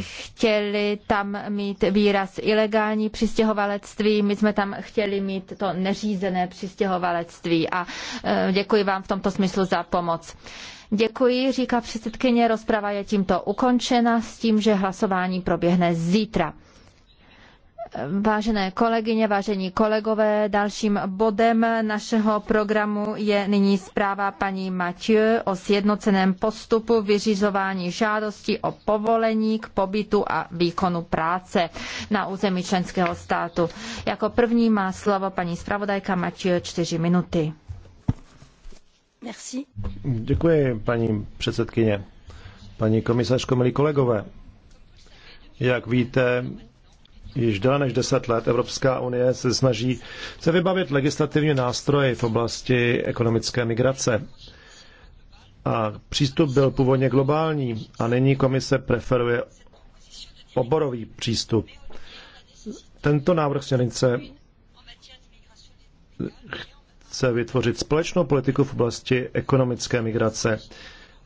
chtěli tam mít výraz ilegální přistěhovalectví, my jsme tam chtěli mít to neřízené přistěhovalectví a e, děkuji vám v tomto smyslu za pomoc. Děkuji, říká předsedkyně, rozprava je tímto ukončena s tím, že hlasování proběhne zítra. Vážené kolegyně, vážení kolegové, dalším bodem našeho programu je nyní zpráva paní Mathieu o sjednoceném postupu vyřizování žádosti o povolení k pobytu a výkonu práce na území členského státu. Jako první má slovo paní zpravodajka Mathieu čtyři minuty. Merci. Děkuji, paní předsedkyně. Paní komisařko, milí kolegové, jak víte, Již déle než deset let Evropská unie se snaží se vybavit legislativní nástroje v oblasti ekonomické migrace. A přístup byl původně globální a nyní komise preferuje oborový přístup. Tento návrh směrnice chce vytvořit společnou politiku v oblasti ekonomické migrace.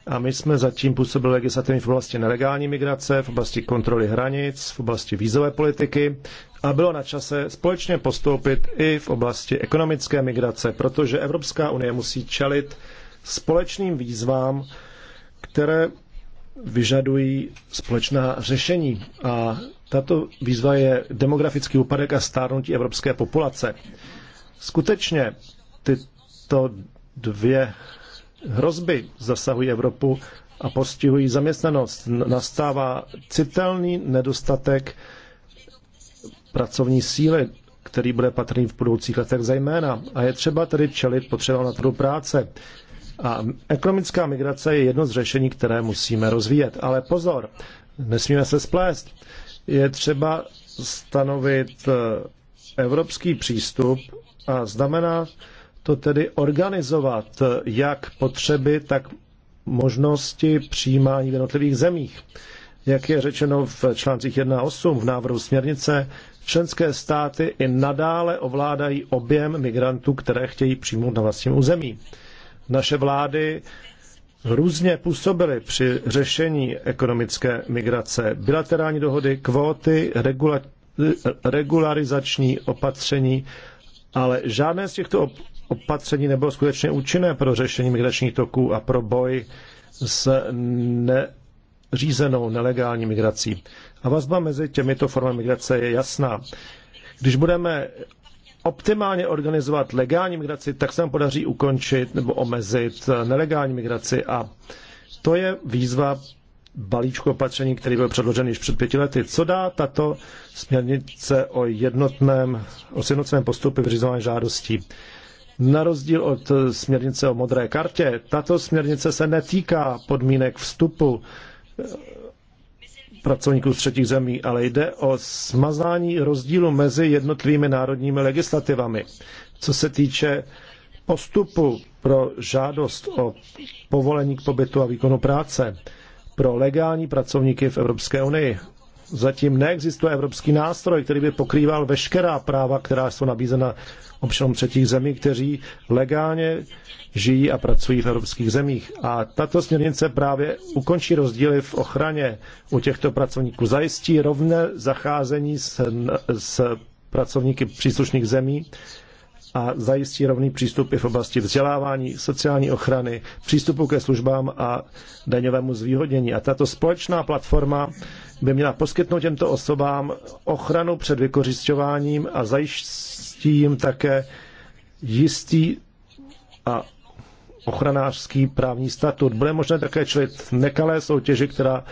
A my jsme zatím působili legislativně v oblasti nelegální migrace, v oblasti kontroly hranic, v oblasti vízové politiky a bylo na čase společně postoupit i v oblasti ekonomické migrace, protože Evropská unie musí čelit společným výzvám, které vyžadují společná řešení. A tato výzva je demografický úpadek a stárnutí evropské populace. Skutečně tyto dvě hrozby zasahují Evropu a postihují zaměstnanost. Nastává citelný nedostatek pracovní síly, který bude patrný v budoucích letech zejména. A je třeba tedy čelit potřeba na trhu práce. A ekonomická migrace je jedno z řešení, které musíme rozvíjet. Ale pozor, nesmíme se splést. Je třeba stanovit eh, evropský přístup a znamená to tedy organizovat, jak potřeby, tak možnosti přijímání v jednotlivých zemích. Jak je řečeno v článcích 1 a 8 v návrhu směrnice, členské státy i nadále ovládají objem migrantů, které chtějí přijmout na vlastním území. Naše vlády různě působily při řešení ekonomické migrace. Bilaterální dohody, kvóty, regula, regularizační opatření, ale žádné z těchto opatření nebylo skutečně účinné pro řešení migračních toků a pro boj s neřízenou nelegální migrací. A vazba mezi těmito formami migrace je jasná. Když budeme optimálně organizovat legální migraci, tak se nám podaří ukončit nebo omezit nelegální migraci a to je výzva balíčku opatření, který byl předložen již před pěti lety. Co dá tato směrnice o jednotném, o sjednoceném postupu vyřizování žádostí? Na rozdíl od eh, směrnice o modré kartě, tato směrnice se netýká podmínek vstupu eh, pracovníků z třetích zemí, ale jde o smazání rozdílu mezi jednotlivými národními legislativami. Co se týče postupu pro žádost o povolení k pobytu a výkonu práce pro legální pracovníky v Evropské unii. Zatím neexistuje evropský nástroj, který by pokrýval veškerá práva, která jsou nabízena občanům třetích zemí, kteří legálně žijí a pracují v evropských zemích. A tato směrnice právě ukončí rozdíly v ochraně u těchto pracovníků, zajistí rovné zacházení s, s pracovníky příslušných zemí a zajistí rovný přístup i v oblasti vzdělávání, sociální ochrany, přístupu ke službám a daňovému zvýhodnění. A tato společná platforma by měla poskytnout těmto osobám ochranu před vykořišťováním a zajistí jim také jistý a ochranářský právní statut. Bude možné také čelit nekalé soutěži, která,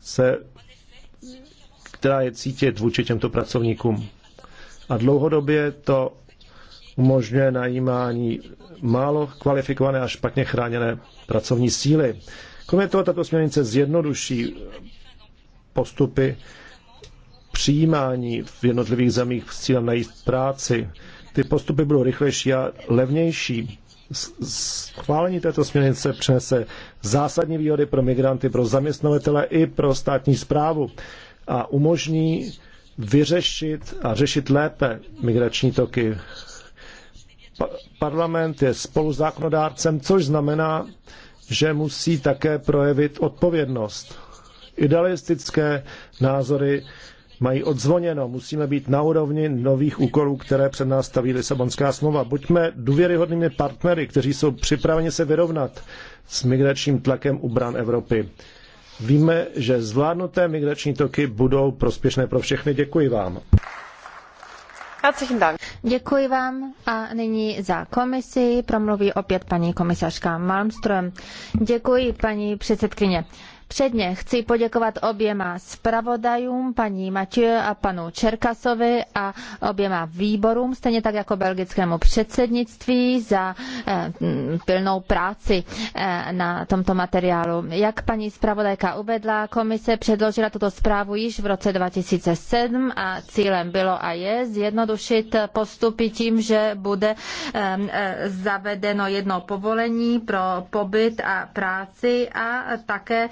se, která je cítit vůči těmto pracovníkům. A dlouhodobě to umožňuje najímání málo kvalifikované a špatně chráněné pracovní síly. Kromě toho tato směrnice zjednoduší postupy přijímání v jednotlivých zemích s cílem najít práci. Ty postupy budou rychlejší a levnější. Schválení této směrnice přinese zásadní výhody pro migranty, pro zaměstnavatele i pro státní zprávu a umožní vyřešit a řešit lépe migrační toky parlament je spoluzákonodárcem, což znamená, že musí také projevit odpovědnost. Idealistické názory mají odzvoněno. Musíme být na úrovni nových úkolů, které před nás staví Lisabonská smlouva. Buďme důvěryhodnými partnery, kteří jsou připraveni se vyrovnat s migračním tlakem u bran Evropy. Víme, že zvládnuté migrační toky budou prospěšné pro všechny. Děkuji vám. Děkuji vám a nyní za komisi promluví opět paní komisařka Malmström. Děkuji paní předsedkyně. Předně chci poděkovat oběma zpravodajům, paní Matěj a panu Čerkasovi a oběma výborům, stejně tak jako belgickému předsednictví za eh, pilnou práci eh, na tomto materiálu. Jak paní zpravodajka uvedla, komise předložila tuto zprávu již v roce 2007 a cílem bylo a je zjednodušit postupy tím, že bude eh, zavedeno jedno povolení pro pobyt a práci a také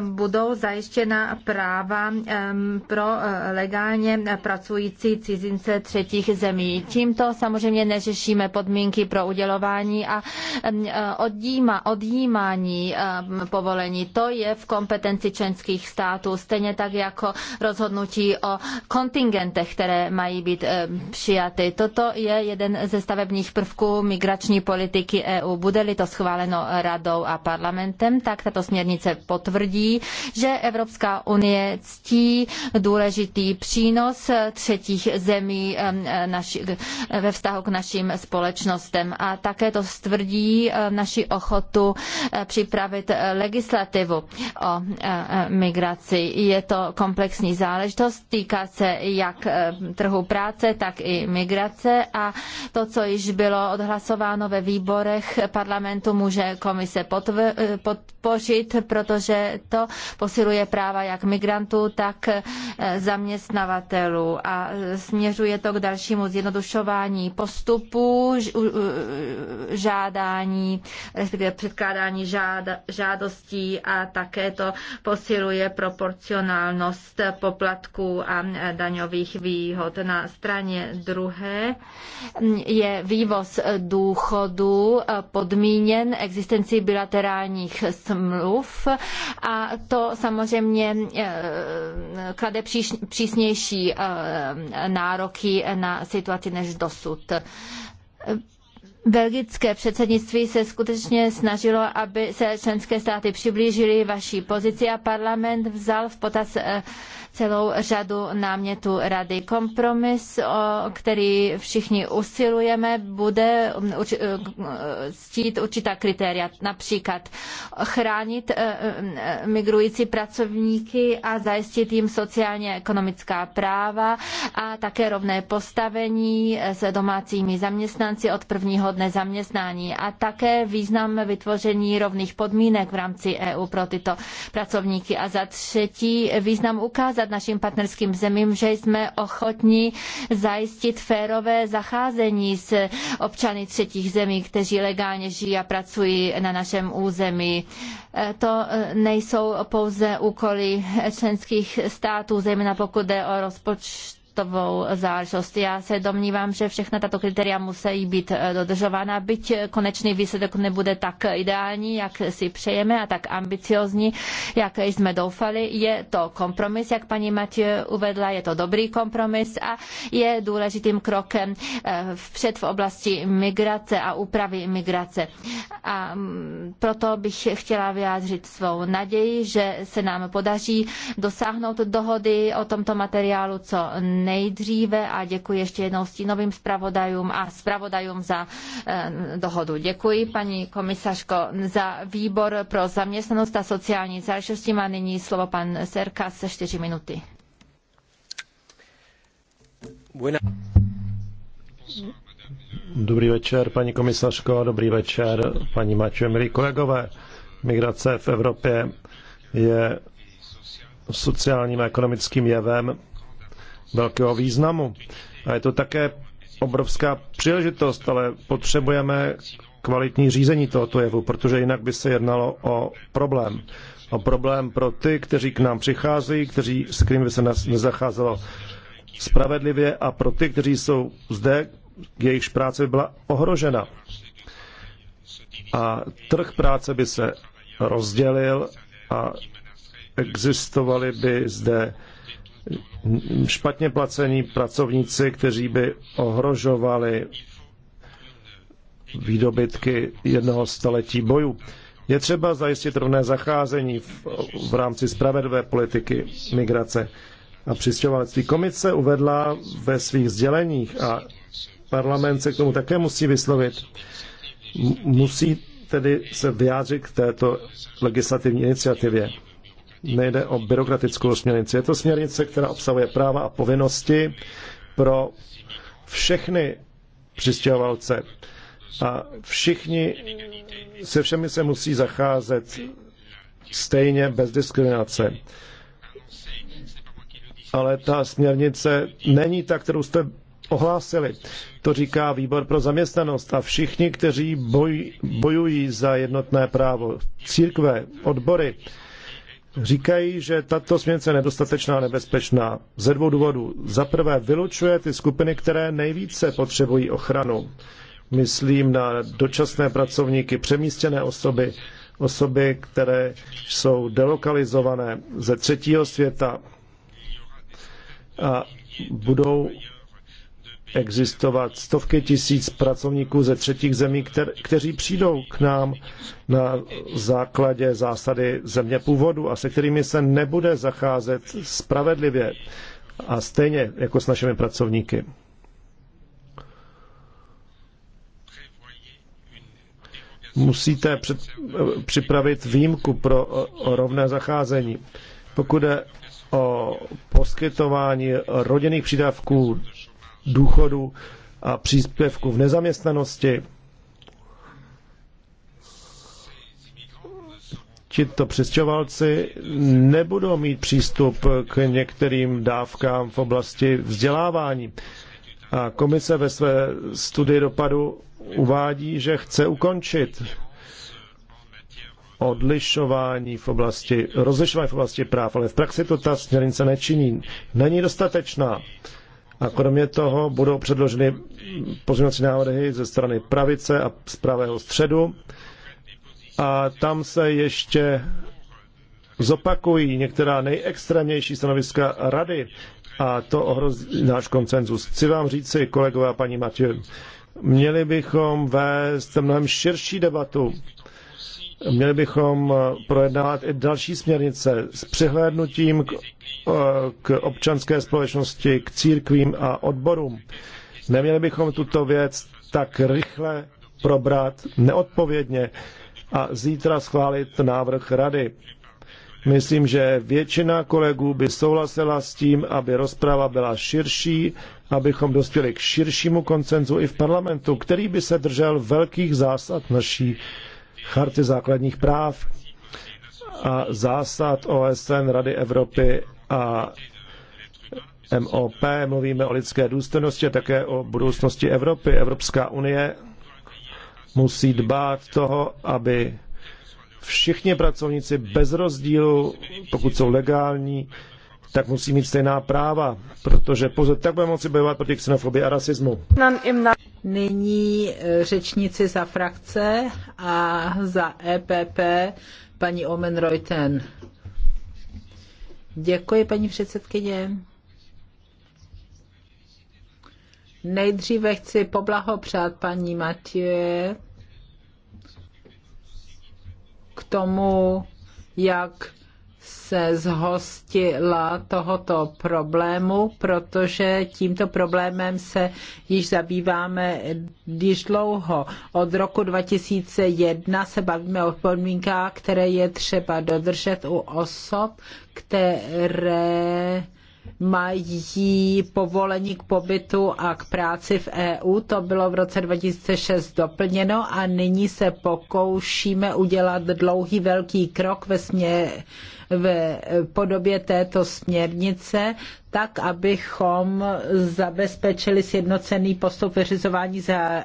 budou zajištěna práva pro eh, legálně pracující cizince třetích zemí. Tímto samozřejmě neřešíme podmínky pro udělování a eh, odjíma, odjímání povolení. To je v kompetenci členských států, stejně tak jako rozhodnutí o kontingentech, které mají být přijaty. Toto je jeden ze stavebních prvků migrační politiky EU. Bude-li to schváleno radou a parlamentem, tak tato směrnice pod potvrdí, že Evropská unie ctí důležitý přínos třetích zemí naši, ve vztahu k našim společnostem. A také to stvrdí naši ochotu eh, připravit legislativu o eh, eh, migraci. Je to komplexní záležitost, týká se jak trhu práce, tak i migrace a to, co již bylo odhlasováno ve výborech parlamentu, může komise podpořit, protože protože to posiluje práva jak migrantů, tak eh, zaměstnavatelů a směřuje to k dalšímu zjednodušování postupů, žádání, respektive předkládání žádostí a také to posiluje proporcionálnost poplatků a eh, daňových výhod. Na straně druhé mm, je vývoz eh, důchodu podmíněn existencí bilaterálních smluv a to samozřejmě eh, klade přísnější eh, nároky na situaci než dosud. Belgické předsednictví se skutečně snažilo, aby se členské státy přiblížily vaší pozici a parlament vzal v potaz eh, celou řadu námětů rady. Kompromis, o který všichni usilujeme, bude stít eh, určitá kritéria, například chránit eh, eh, migrující pracovníky a zajistit jim sociálně ekonomická práva a také rovné postavení s domácími zaměstnanci od prvního dne zaměstnání a také význam vytvoření rovných podmínek v rámci EU pro tyto pracovníky a za třetí význam ukázat ukázat našim partnerským zemím, že jsme ochotní zajistit férové zacházení s občany třetích zemí, kteří legálně žijí a pracují na našem území. E, to e, nejsou pouze úkoly členských států, zejména pokud jde o rozpočet hotovou záležitost. Já se domnívám, že všechna tato kritéria musí být eh, dodržována, byť eh, konečný výsledek nebude tak ideální, jak si přejeme a tak ambiciozní, jak jsme doufali. Je to kompromis, jak paní Matě uvedla, je to dobrý kompromis a je důležitým krokem eh, vpřed v oblasti migrace a úpravy migrace. A mm, proto bych chtěla vyjádřit svou naději, že se nám podaří dosáhnout dohody o tomto materiálu co nej nejdříve a děkuji ještě jednou stínovým zpravodajům a zpravodajům za eh, dohodu. Děkuji paní komisařko za výbor pro zaměstnanost a sociální záležitosti. Má nyní slovo pan Serka se čtyři minuty. Dobrý večer, paní komisařko, dobrý večer, paní Mačo, milí kolegové. Migrace v Evropě je sociálním a ekonomickým jevem, velkého významu. A je to také obrovská příležitost, ale potřebujeme kvalitní řízení tohoto jevu, protože jinak by se jednalo o problém. O problém pro ty, kteří k nám přicházejí, kteří, s kterými by se nezacházelo spravedlivě a pro ty, kteří jsou zde, jejichž práce by byla ohrožena. A trh práce by se rozdělil a existovaly by zde špatně placení pracovníci, kteří by ohrožovali výdobytky jednoho století bojů. Je třeba zajistit rovné zacházení v, v rámci spravedlivé politiky migrace a přistěhovalectví. Komise uvedla ve svých sděleních a parlament se k tomu také musí vyslovit. Musí tedy se vyjádřit k této legislativní iniciativě nejde o byrokratickou směrnici. Je to směrnice, která obsahuje práva a povinnosti pro všechny přistěhovalce. A všichni, se všemi se musí zacházet stejně bez diskriminace. Ale ta směrnice není ta, kterou jste ohlásili. To říká výbor pro zaměstnanost a všichni, kteří boj, bojují za jednotné právo, církve, odbory, říkají, že tato směrnice je nedostatečná a nebezpečná ze dvou důvodů. Za prvé vylučuje ty skupiny, které nejvíce potřebují ochranu. Myslím na dočasné pracovníky, přemístěné osoby, osoby, které jsou delokalizované ze třetího světa a budou existovat stovky tisíc pracovníků ze třetích zemí, kter, kteří přijdou k nám na základě zásady země původu a se kterými se nebude zacházet spravedlivě a stejně jako s našimi pracovníky. Musíte před, připravit výjimku pro rovné zacházení. Pokud je o poskytování rodinných přídavků důchodu a příspěvku v nezaměstnanosti. Tito přestěhovalci nebudou mít přístup k některým dávkám v oblasti vzdělávání. A komise ve své studii dopadu uvádí, že chce ukončit odlišování v oblasti, rozlišování v oblasti práv, ale v praxi to ta směrnice nečiní. Není dostatečná. A kromě toho budou předloženy pozměňovací návrhy ze strany pravice a z pravého středu. A tam se ještě zopakují některá nejextrémnější stanoviska rady a to ohrozí náš koncenzus. Chci vám říci, kolegové a paní Matěj, měli bychom vést mnohem širší debatu Měli bychom eh, projednávat i další směrnice s přihlédnutím k, eh, k občanské společnosti, k církvím a odborům. Neměli bychom tuto věc tak rychle probrat neodpovědně a zítra schválit návrh rady. Myslím, že většina kolegů by souhlasila s tím, aby rozprava byla širší, abychom dospěli k širšímu koncenzu i v parlamentu, který by se držel velkých zásad naší charty základních práv a zásad OSN, Rady Evropy a MOP. Mluvíme o lidské důstojnosti a také o budoucnosti Evropy. Evropská unie musí dbát toho, aby všichni pracovníci bez rozdílu, pokud jsou legální, tak musí mít stejná práva, protože pouze tak budeme moci bojovat proti xenofobii a rasismu. Nyní eh, řečníci za frakce a za EPP paní Omen Reuten. Děkuji, paní předsedkyně. Nejdříve chci poblahopřát paní Matěje k tomu, jak se zhostila tohoto problému, protože tímto problémem se již zabýváme již dlouho. Od roku 2001 se bavíme o podmínkách, které je třeba dodržet u osob, které mají povolení k pobytu a k práci v EU. To bylo v roce 2006 doplněno a nyní se pokoušíme udělat dlouhý velký krok ve směru v podobě této směrnice tak, abychom zabezpečili sjednocený postup vyřizování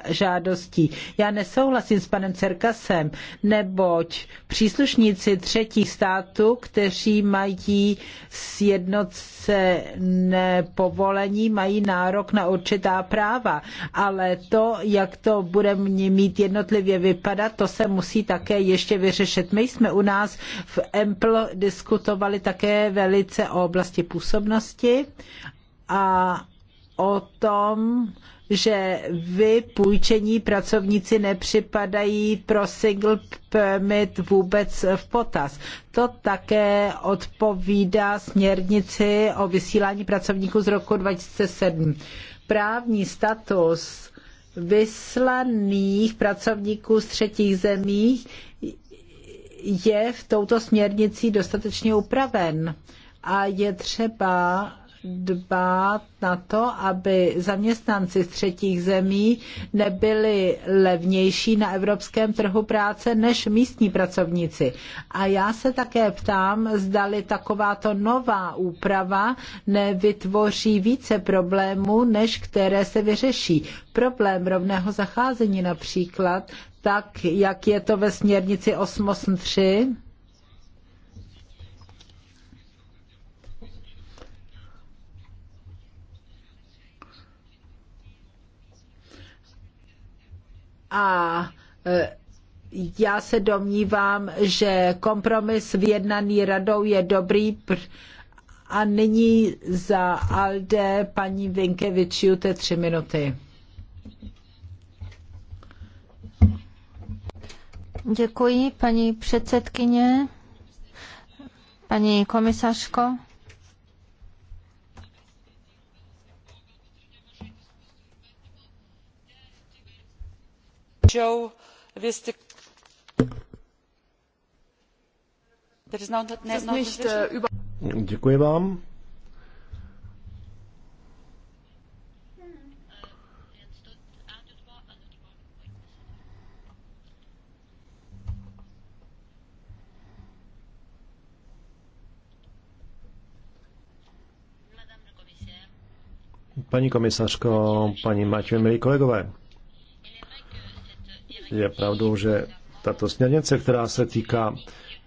žádostí. Já nesouhlasím s panem Cerkasem, neboť příslušníci třetích států, kteří mají sjednocené povolení, mají nárok na určitá práva, ale to, jak to bude mít jednotlivě vypadat, to se musí také ještě vyřešit. My jsme u nás v EMPL diskutovali také velice o oblasti působnosti a o tom, že vy půjčení pracovníci nepřipadají pro single permit vůbec v potaz. To také odpovídá směrnici o vysílání pracovníků z roku 2007. Právní status vyslaných pracovníků z třetích zemí je v touto směrnici dostatečně upraven a je třeba dbát na to, aby zaměstnanci z třetích zemí nebyli levnější na evropském trhu práce než místní pracovníci. A já se také ptám, zdali takováto nová úprava nevytvoří více problémů, než které se vyřeší. Problém rovného zacházení například, tak jak je to ve směrnici 883, A e, já se domnívám, že kompromis vyjednaný radou je dobrý. A nyní za ALDE paní Vinkevičiu, to tři minuty. Děkuji, paní předsedkyně, paní komisařko. Joe, vy jste... No Děkuji vám. Paní komisařko, paní Maťo, milí kolegové. Je pravdou, že tato směrnice, která se týká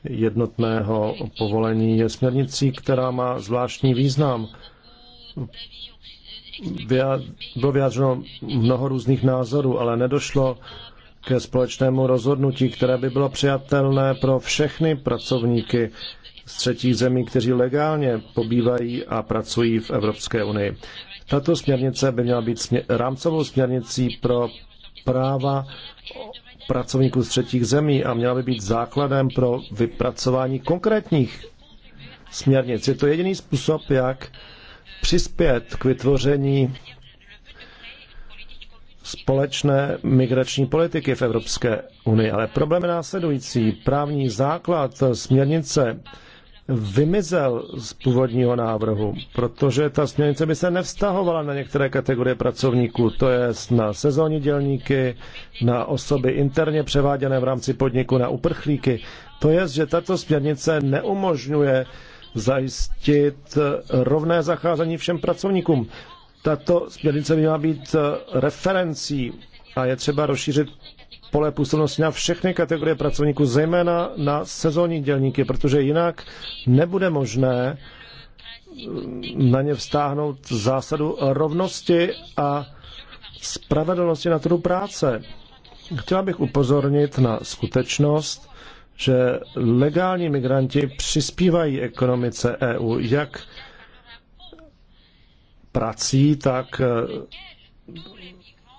jednotného povolení, je směrnicí, která má zvláštní význam. Bylo vyjádřeno mnoho různých názorů, ale nedošlo ke společnému rozhodnutí, které by bylo přijatelné pro všechny pracovníky z třetích zemí, kteří legálně pobývají a pracují v Evropské unii. Tato směrnice by měla být směr, rámcovou směrnicí pro práva pracovníků z třetích zemí a měla by být základem pro vypracování konkrétních směrnic. Je to jediný způsob, jak přispět k vytvoření společné migrační politiky v Evropské unii. Ale problém je následující. Právní základ směrnice vymizel z původního návrhu, protože ta směrnice by se nevztahovala na některé kategorie pracovníků, to je na sezónní dělníky, na osoby interně převáděné v rámci podniku, na uprchlíky. To je, že tato směrnice neumožňuje zajistit rovné zacházení všem pracovníkům. Tato směrnice by měla být referencí a je třeba rozšířit pole působnosti na všechny kategorie pracovníků, zejména na sezónní dělníky, protože jinak nebude možné mm, na ně vztáhnout zásadu rovnosti a spravedlnosti na trhu práce. Chtěla bych upozornit na skutečnost, že legální migranti přispívají ekonomice EU jak prací, tak eh,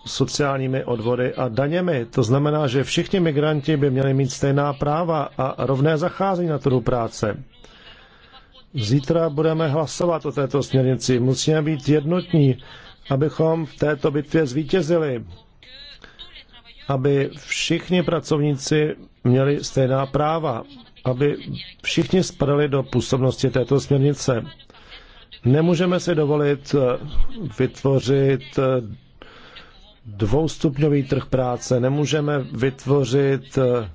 sociálními odvody a daněmi. To znamená, že všichni migranti by měli mít stejná práva a rovné zacházení na trhu práce. Zítra budeme hlasovat o této směrnici. Musíme být jednotní, abychom v této bitvě zvítězili. Aby všichni pracovníci měli stejná práva. Aby všichni spadali do působnosti této směrnice. Nemůžeme si dovolit vytvořit dvoustupňový trh práce, nemůžeme vytvořit eh,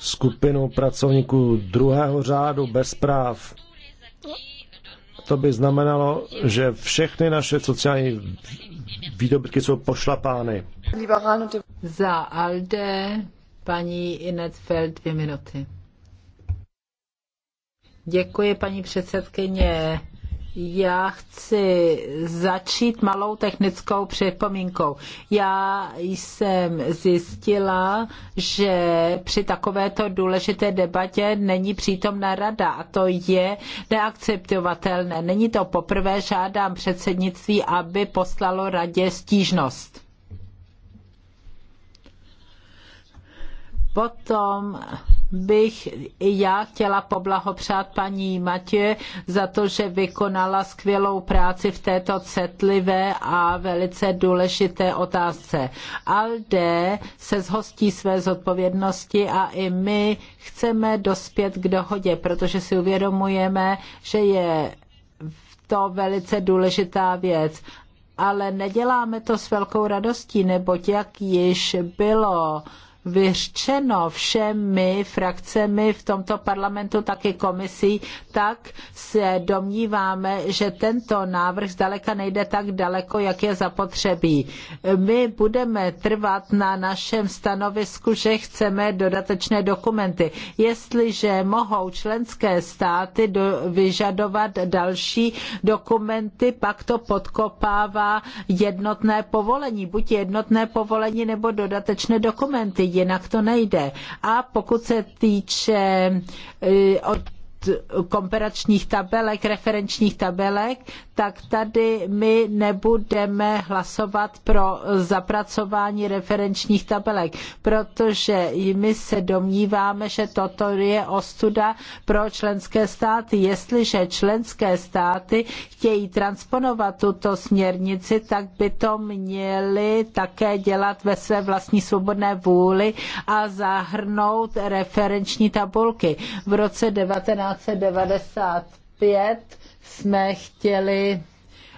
skupinu pracovníků druhého řádu bez práv. To by znamenalo, že všechny naše sociální výdobytky jsou pošlapány. Za Alde paní Inetfeld dvě minuty. Děkuji, paní předsedkyně. Já chci začít malou technickou připomínkou. Já jsem zjistila, že při takovéto důležité debatě není přítomná rada a to je neakceptovatelné. Není to poprvé, žádám předsednictví, aby poslalo radě stížnost. Potom bych i já chtěla poblahopřát paní Matě za to, že vykonala skvělou práci v této cetlivé a velice důležité otázce. ALDE se zhostí své zodpovědnosti a i my chceme dospět k dohodě, protože si uvědomujeme, že je to velice důležitá věc. Ale neděláme to s velkou radostí, neboť jak již bylo vyřčeno všemi frakcemi v tomto parlamentu, taky komisí, tak se domníváme, že tento návrh zdaleka nejde tak daleko, jak je zapotřebí. My budeme trvat na našem stanovisku, že chceme dodatečné dokumenty. Jestliže mohou členské státy do, vyžadovat další dokumenty, pak to podkopává jednotné povolení, buď jednotné povolení nebo dodatečné dokumenty jinak to nejde. A pokud se týče eh, od komparačních tabelek, referenčních tabelek, tak tady my nebudeme hlasovat pro zapracování referenčních tabelek, protože my se domníváme, že toto je ostuda pro členské státy. Jestliže členské státy chtějí transponovat tuto směrnici, tak by to měli také dělat ve své vlastní svobodné vůli a zahrnout referenční tabulky. V roce 19 1995 jsme chtěli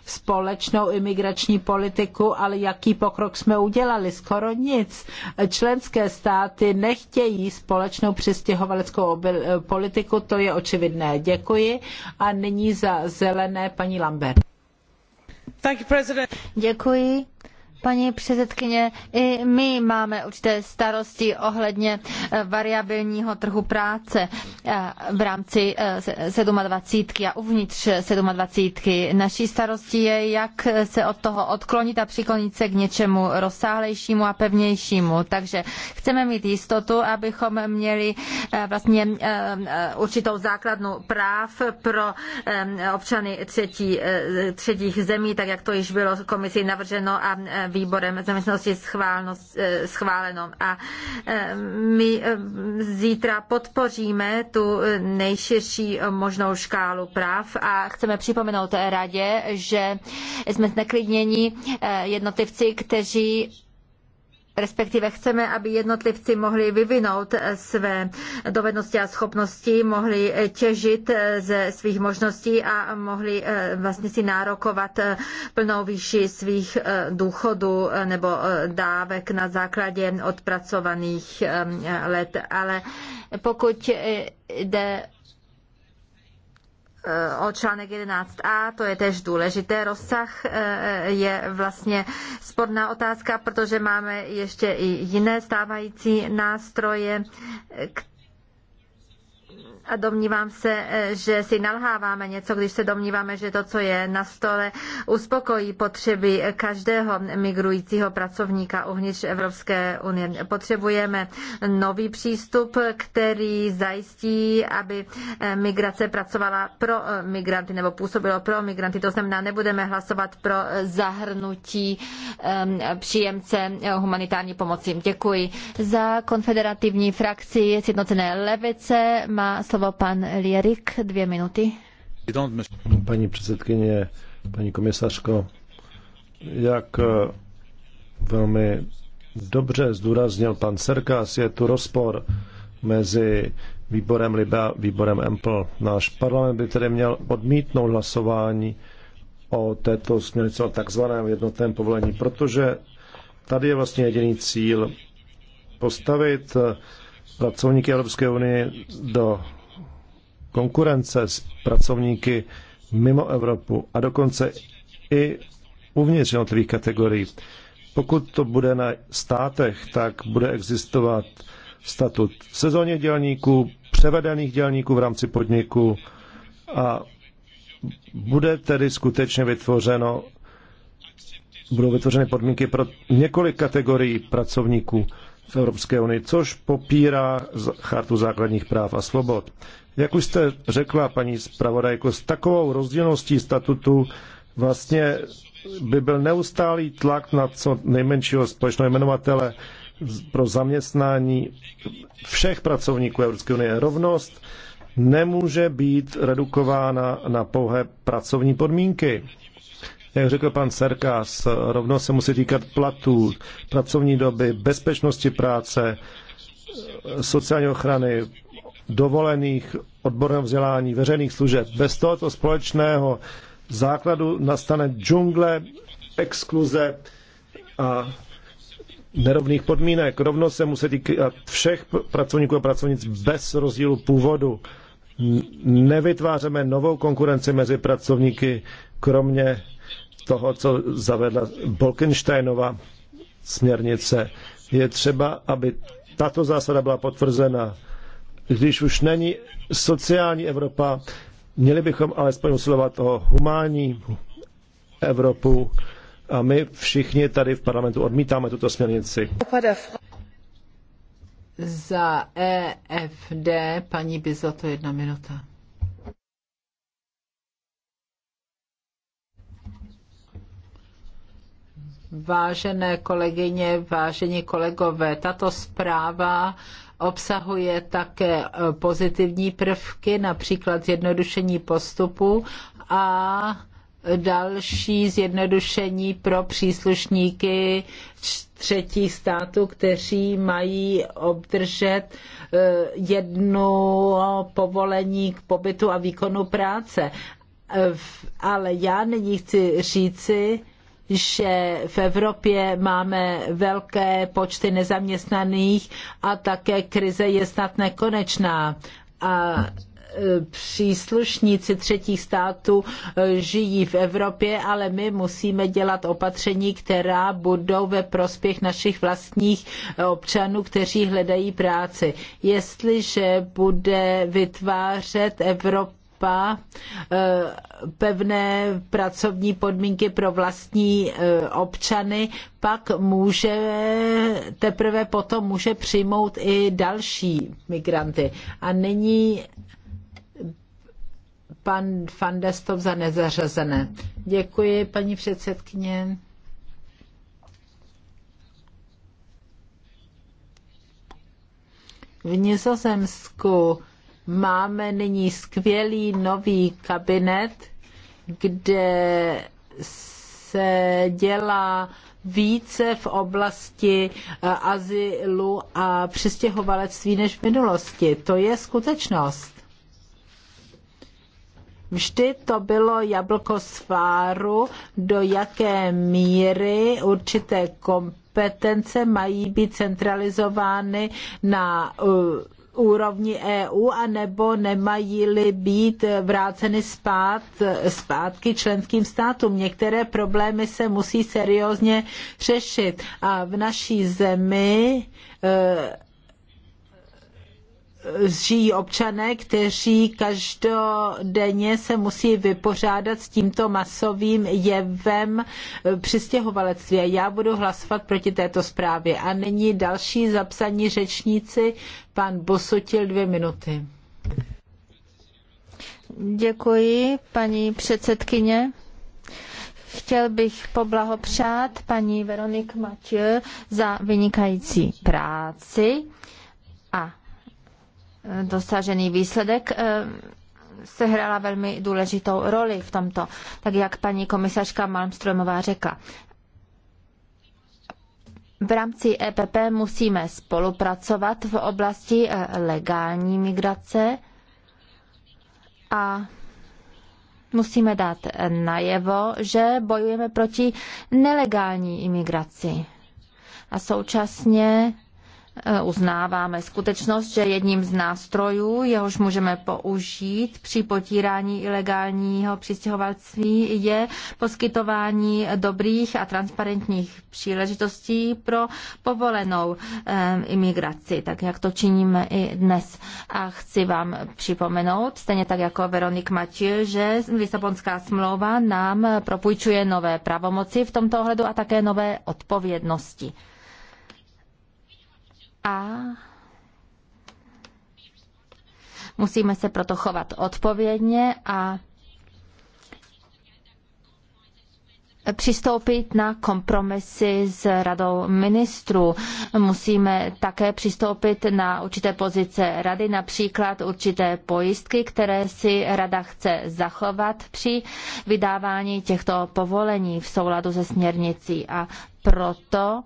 společnou imigrační politiku, ale jaký pokrok jsme udělali? Skoro nic. Členské státy nechtějí společnou přistěhovaleckou politiku, to je očividné. Děkuji. A nyní za zelené paní Lambert. You, Děkuji. Paní předsedkyně, i my máme určité starosti ohledně eh, variabilního trhu práce eh, v rámci 27 eh, a uvnitř 27. Naší starostí je, jak se od toho odklonit a přiklonit se k něčemu rozsáhlejšímu a pevnějšímu. Takže chceme mít jistotu, abychom měli vlastně určitou základnu práv pro občany třetí, třetích zemí, tak jak to již bylo komisí navrženo a výborem zaměstnanosti eh, schváleno. A eh, my eh, zítra podpoříme tu nejširší možnou škálu práv a chceme připomenout radě, že jsme zneklidněni jednotlivci, kteří respektive chceme, aby jednotlivci mohli vyvinout své dovednosti a schopnosti, mohli těžit ze svých možností a mohli eh, vlastně si nárokovat eh, plnou výši svých eh, důchodů nebo dávek na základě odpracovaných let. Ale pokud jde o článek 11a, to je tež důležité. Rozsah e, je vlastně sporná otázka, protože máme ještě i jiné stávající nástroje, které a domnívám se, eh, že si nalháváme něco, když se domníváme, že to, co je na stole, uspokojí potřeby každého migrujícího pracovníka uvnitř Evropské unie. Potřebujeme nový přístup, který zajistí, aby eh, migrace pracovala pro eh, migranty nebo působilo pro migranty. To znamená, nebudeme hlasovat pro zahrnutí ehm, příjemce humanitární pomoci. Děkuji. Za konfederativní frakci Sjednocené levice má slovo pan Lierik, dvě minuty. Paní předsedkyně, paní komisařko, jak eh, velmi dobře zdůraznil pan Serkas, je tu rozpor mezi výborem Liba a výborem Empl. Náš parlament by tedy měl odmítnout hlasování o této směrnici o takzvaném jednotném povolení, protože tady je vlastně jediný cíl postavit eh, pracovníky Evropské unie do konkurence s pracovníky mimo Evropu a dokonce i uvnitř jednotlivých kategorií. Pokud to bude na státech, tak bude existovat statut sezóně dělníků, převedených dělníků v rámci podniku a bude tedy skutečně vytvořeno, budou vytvořeny podmínky pro několik kategorií pracovníků v Evropské unii, což popírá chartu základních práv a svobod. Jak už jste řekla, paní zpravodajko, s takovou rozdílností statutu vlastně by byl neustálý tlak na co nejmenšího společného jmenovatele pro zaměstnání všech pracovníků Evropské unie. Rovnost nemůže být redukována na pouhé pracovní podmínky. Jak řekl pan Serkas, rovnost se musí týkat platů, pracovní doby, bezpečnosti práce, sociální ochrany, dovolených, odborného vzdělání, veřejných služeb. Bez tohoto společného základu nastane džungle, exkluze a nerovných podmínek. Rovnost se musí týkat všech pracovníků a pracovnic bez rozdílu původu. Nevytvářeme novou konkurenci mezi pracovníky, kromě toho, co zavedla Bolkensteinova směrnice. Je třeba, aby tato zásada byla potvrzena když už není sociální Evropa, měli bychom alespoň usilovat o humánní Evropu a my všichni tady v parlamentu odmítáme tuto směrnici. Za EFD paní Bizoto jedna minuta. Vážené kolegyně, vážení kolegové, tato zpráva obsahuje také e, pozitivní prvky, například zjednodušení postupu a další zjednodušení pro příslušníky třetích států, kteří mají obdržet e, jedno povolení k pobytu a výkonu práce. E, ale já nyní chci říci, že v Evropě máme velké počty nezaměstnaných a také krize je snad nekonečná. A e, příslušníci třetích států e, žijí v Evropě, ale my musíme dělat opatření, která budou ve prospěch našich vlastních e, občanů, kteří hledají práci. Jestliže bude vytvářet Evropa Evropa eh, pevné pracovní podmínky pro vlastní eh, občany, pak může, teprve potom může přijmout i další migranty. A nyní pan van Destop za nezařazené. Děkuji, paní předsedkyně. V Nizozemsku Máme nyní skvělý nový kabinet, kde se dělá více v oblasti eh, azylu a přistěhovalectví než v minulosti. To je skutečnost. Vždy to bylo jablko sváru, do jaké míry určité kompetence mají být centralizovány na eh, úrovni EU, a nebo nemají-li být vráceny zpát, zpátky členským státům. Některé problémy se musí seriózně řešit. A v naší zemi eh, žijí občané, kteří každodenně se musí vypořádat s tímto masovým jevem přistěhovalectví. Já budu hlasovat proti této zprávě. A nyní další zapsaní řečníci, pan Bosutil, dvě minuty. Děkuji, paní předsedkyně. Chtěl bych poblahopřát paní Veronik Matěj za vynikající práci a dosažený výsledek eh, sehrála velmi důležitou roli v tomto, tak jak paní komisařka Malmstromová řekla. V rámci EPP musíme spolupracovat v oblasti eh, legální migrace a musíme dát najevo, že bojujeme proti nelegální imigraci. A současně Eh, uznáváme skutečnost, že jedním z nástrojů, jehož můžeme použít při potírání ilegálního přistěhovalství, je poskytování dobrých a transparentních příležitostí pro povolenou eh, imigraci, tak jak to činíme i dnes. A chci vám připomenout, stejně tak jako Veronik Matěj, že Lisabonská smlouva nám propůjčuje nové pravomoci v tomto ohledu a také nové odpovědnosti a musíme se proto chovat odpovědně a přistoupit na kompromisy s radou ministrů. Musíme také přistoupit na určité pozice rady, například určité pojistky, které si rada chce zachovat při vydávání těchto povolení v souladu se směrnicí. A proto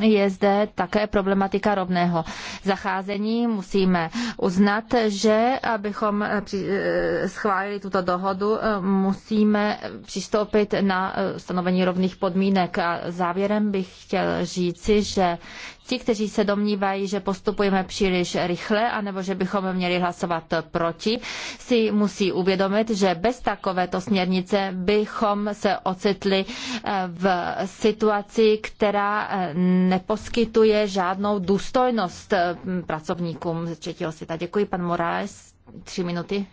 je zde také problematika rovného zacházení. Musíme uznat, že abychom eh, eh, schválili tuto dohodu, eh, musíme přistoupit na stanovení rovných podmínek. A závěrem bych chtěl říci, že Ti, kteří se domnívají, že postupujeme příliš rychle, anebo že bychom měli hlasovat proti, si musí uvědomit, že bez takovéto směrnice bychom se ocitli eh, v situaci, která eh, neposkytuje žádnou důstojnost eh, pracovníkům ze třetího světa. Děkuji, pan Moraes. Tři minuty.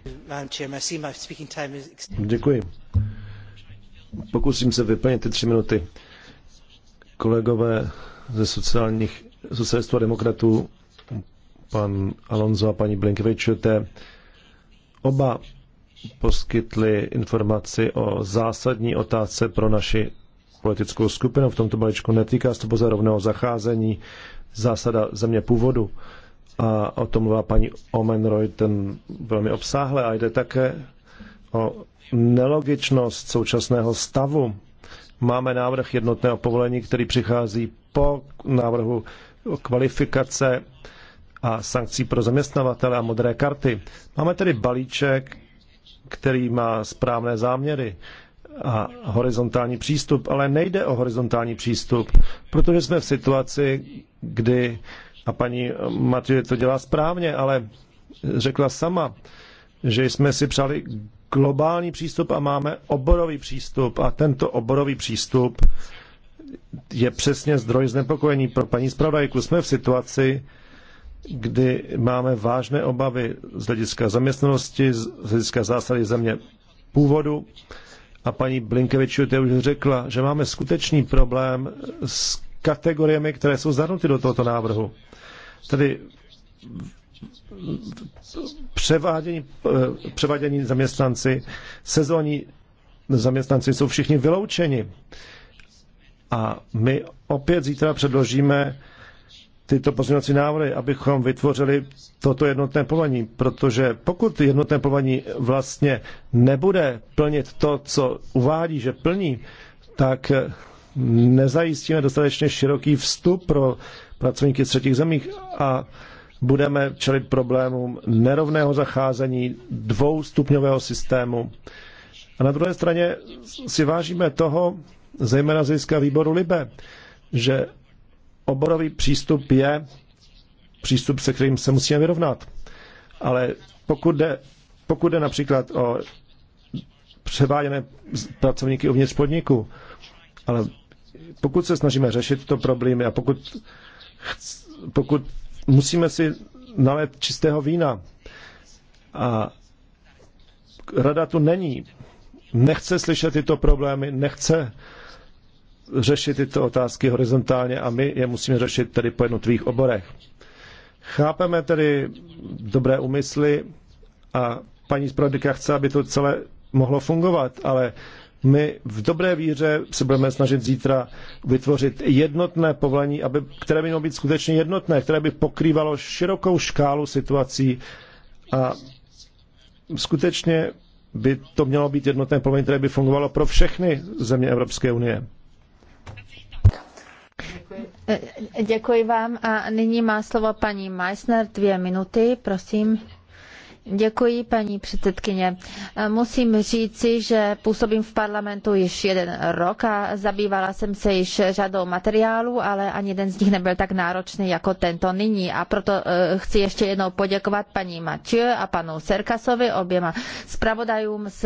Děkuji. Pokusím se vyplnit ty tři minuty. Kolegové ze sociálních socialistů a demokratů, pan Alonso a paní Blinkvičute, oba poskytli informaci o zásadní otázce pro naši politickou skupinu. V tomto balíčku netýká se to pouze rovného zacházení, zásada země původu. A o tom mluvila paní Omenroy, ten velmi obsáhle. A jde také o nelogičnost současného stavu. Máme návrh jednotného povolení, který přichází po návrhu kvalifikace a sankcí pro zaměstnavatele a modré karty. Máme tedy balíček, který má správné záměry a horizontální přístup, ale nejde o horizontální přístup, protože jsme v situaci, kdy, a paní Matěje to dělá správně, ale řekla sama, že jsme si přáli globální přístup a máme oborový přístup a tento oborový přístup je přesně zdroj znepokojení pro paní zpravodajku. Jsme v situaci, kdy máme vážné obavy z hlediska zaměstnanosti, z hlediska zásady země původu. A paní Blinkevičujte už řekla, že máme skutečný problém s kategoriemi, které jsou zahrnuty do tohoto návrhu. Tedy převádění, převádění zaměstnanci, sezónní zaměstnanci jsou všichni vyloučeni a my opět zítra předložíme tyto pozměňovací návrhy, abychom vytvořili toto jednotné povolení, protože pokud jednotné povolení vlastně nebude plnit to, co uvádí, že plní, tak nezajistíme dostatečně široký vstup pro pracovníky z třetích zemích a budeme čelit problémům nerovného zacházení, dvoustupňového systému. A na druhé straně si vážíme toho, zejména z hlediska výboru Libe, že oborový přístup je přístup, se kterým se musíme vyrovnat. Ale pokud jde, pokud jde například o převáděné pracovníky uvnitř podniku, ale pokud se snažíme řešit to problémy a pokud, pokud musíme si nalet čistého vína a rada tu není, nechce slyšet tyto problémy, nechce řešit tyto otázky horizontálně a my je musíme řešit tedy po jednotlivých oborech. Chápeme tedy dobré úmysly a paní zpravodajka chce, aby to celé mohlo fungovat, ale my v dobré víře se budeme snažit zítra vytvořit jednotné povolení, aby, které by mělo být skutečně jednotné, které by pokrývalo širokou škálu situací a skutečně by to mělo být jednotné povolení, které by fungovalo pro všechny země Evropské unie. Eh, děkuji vám a nyní má slovo paní Meissner, dvě minuty, prosím. Děkuji, paní předsedkyně. Musím říci, že působím v parlamentu již jeden rok a zabývala jsem se již řadou materiálů, ale ani jeden z nich nebyl tak náročný jako tento nyní. A proto eh, chci ještě jednou poděkovat paní Mathieu a panu Serkasovi, oběma zpravodajům z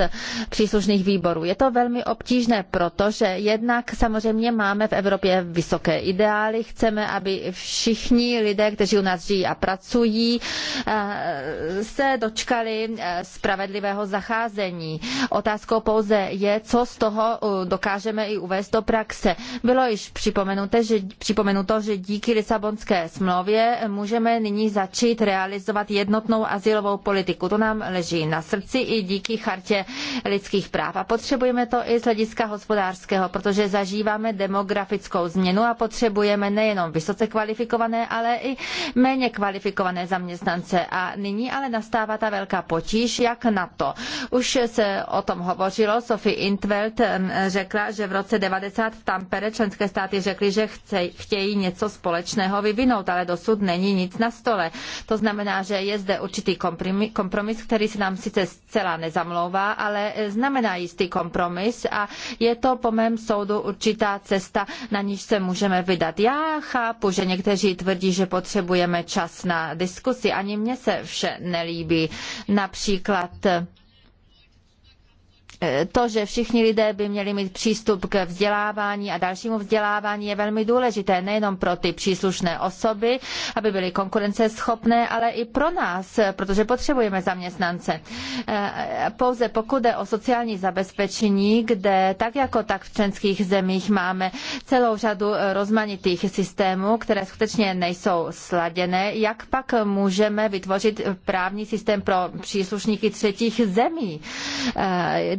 příslušných výborů. Je to velmi obtížné, protože jednak samozřejmě máme v Evropě vysoké ideály. Chceme, aby všichni lidé, kteří u nás žijí a pracují, eh, se do dočkali eh, spravedlivého zacházení. Otázkou pouze je, co z toho eh, dokážeme i uvést do praxe. Bylo již připomenuto, že, připomenuto, že díky Lisabonské smlouvě můžeme nyní začít realizovat jednotnou asilovou politiku. To nám leží na srdci i díky chartě lidských práv. A potřebujeme to i z hlediska hospodářského, protože zažíváme demografickou změnu a potřebujeme nejenom vysoce kvalifikované, ale i méně kvalifikované zaměstnance. A nyní ale nastává ta velká potíž, jak na to. Už se o tom hovořilo, Sophie Intveld řekla, že v roce 90 v Tampere členské státy řekly, že chce, chtějí něco společného vyvinout, ale dosud není nic na stole. To znamená, že je zde určitý kompromis, který se nám sice zcela nezamlouvá, ale e, znamená jistý kompromis a je to po mém soudu určitá cesta, na níž se můžeme vydat. Já chápu, že někteří tvrdí, že potřebujeme čas na diskusi. Ani mně se vše nelíbí. Například Eh, to, že všichni lidé by měli mít přístup k vzdělávání a dalšímu vzdělávání je velmi důležité nejenom pro ty příslušné osoby, aby byly konkurenceschopné, ale i pro nás, protože potřebujeme zaměstnance. Eh, pouze pokud jde o sociální zabezpečení, kde tak jako tak v členských zemích máme celou řadu eh, rozmanitých systémů, které skutečně nejsou sladěné, jak pak můžeme vytvořit právní systém pro příslušníky třetích zemí?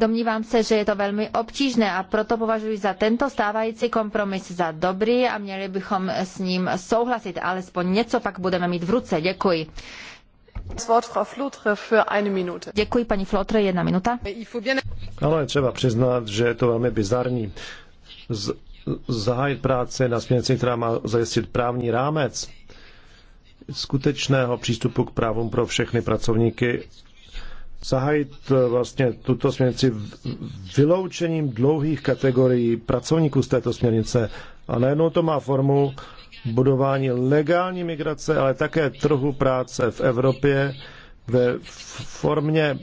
Domnívám se, že je to velmi obtížné a proto považuji za tento stávající kompromis za dobrý a měli bychom s ním souhlasit. Alespoň něco pak budeme mít v ruce. Děkuji. Děkuji, paní Flotre, jedna minuta. Ale je třeba přiznat, že je to velmi bizarní. Z- zahájit práci na směrnici, která má zajistit právní rámec skutečného přístupu k právům pro všechny pracovníky zahájit eh, vlastně tuto směrnici vyloučením dlouhých kategorií pracovníků z této směrnice. A najednou to má formu budování legální migrace, ale také trhu práce v Evropě ve formě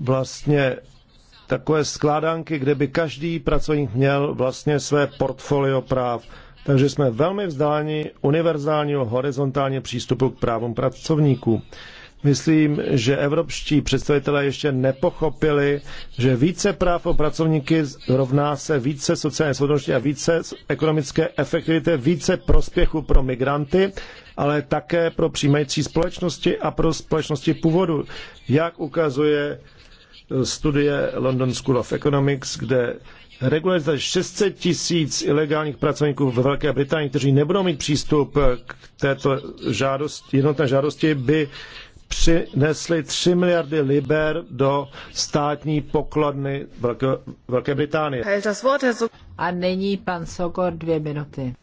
vlastně takové skládanky, kde by každý pracovník měl vlastně své portfolio práv. Takže jsme velmi vzdáleni univerzálního horizontálního přístupu k právům pracovníků. Myslím, že evropští představitelé ještě nepochopili, že více práv o pracovníky rovná se více sociální svobodnosti a více ekonomické efektivity, více prospěchu pro migranty, ale také pro přijímající společnosti a pro společnosti původu. Jak ukazuje studie London School of Economics, kde regulace 600 tisíc ilegálních pracovníků ve Velké Británii, kteří nebudou mít přístup k této žádosti, jednotné žádosti, by přinesly 3 miliardy liber do státní pokladny Velké, Velké Británie. A pan Sokor dvě minuty.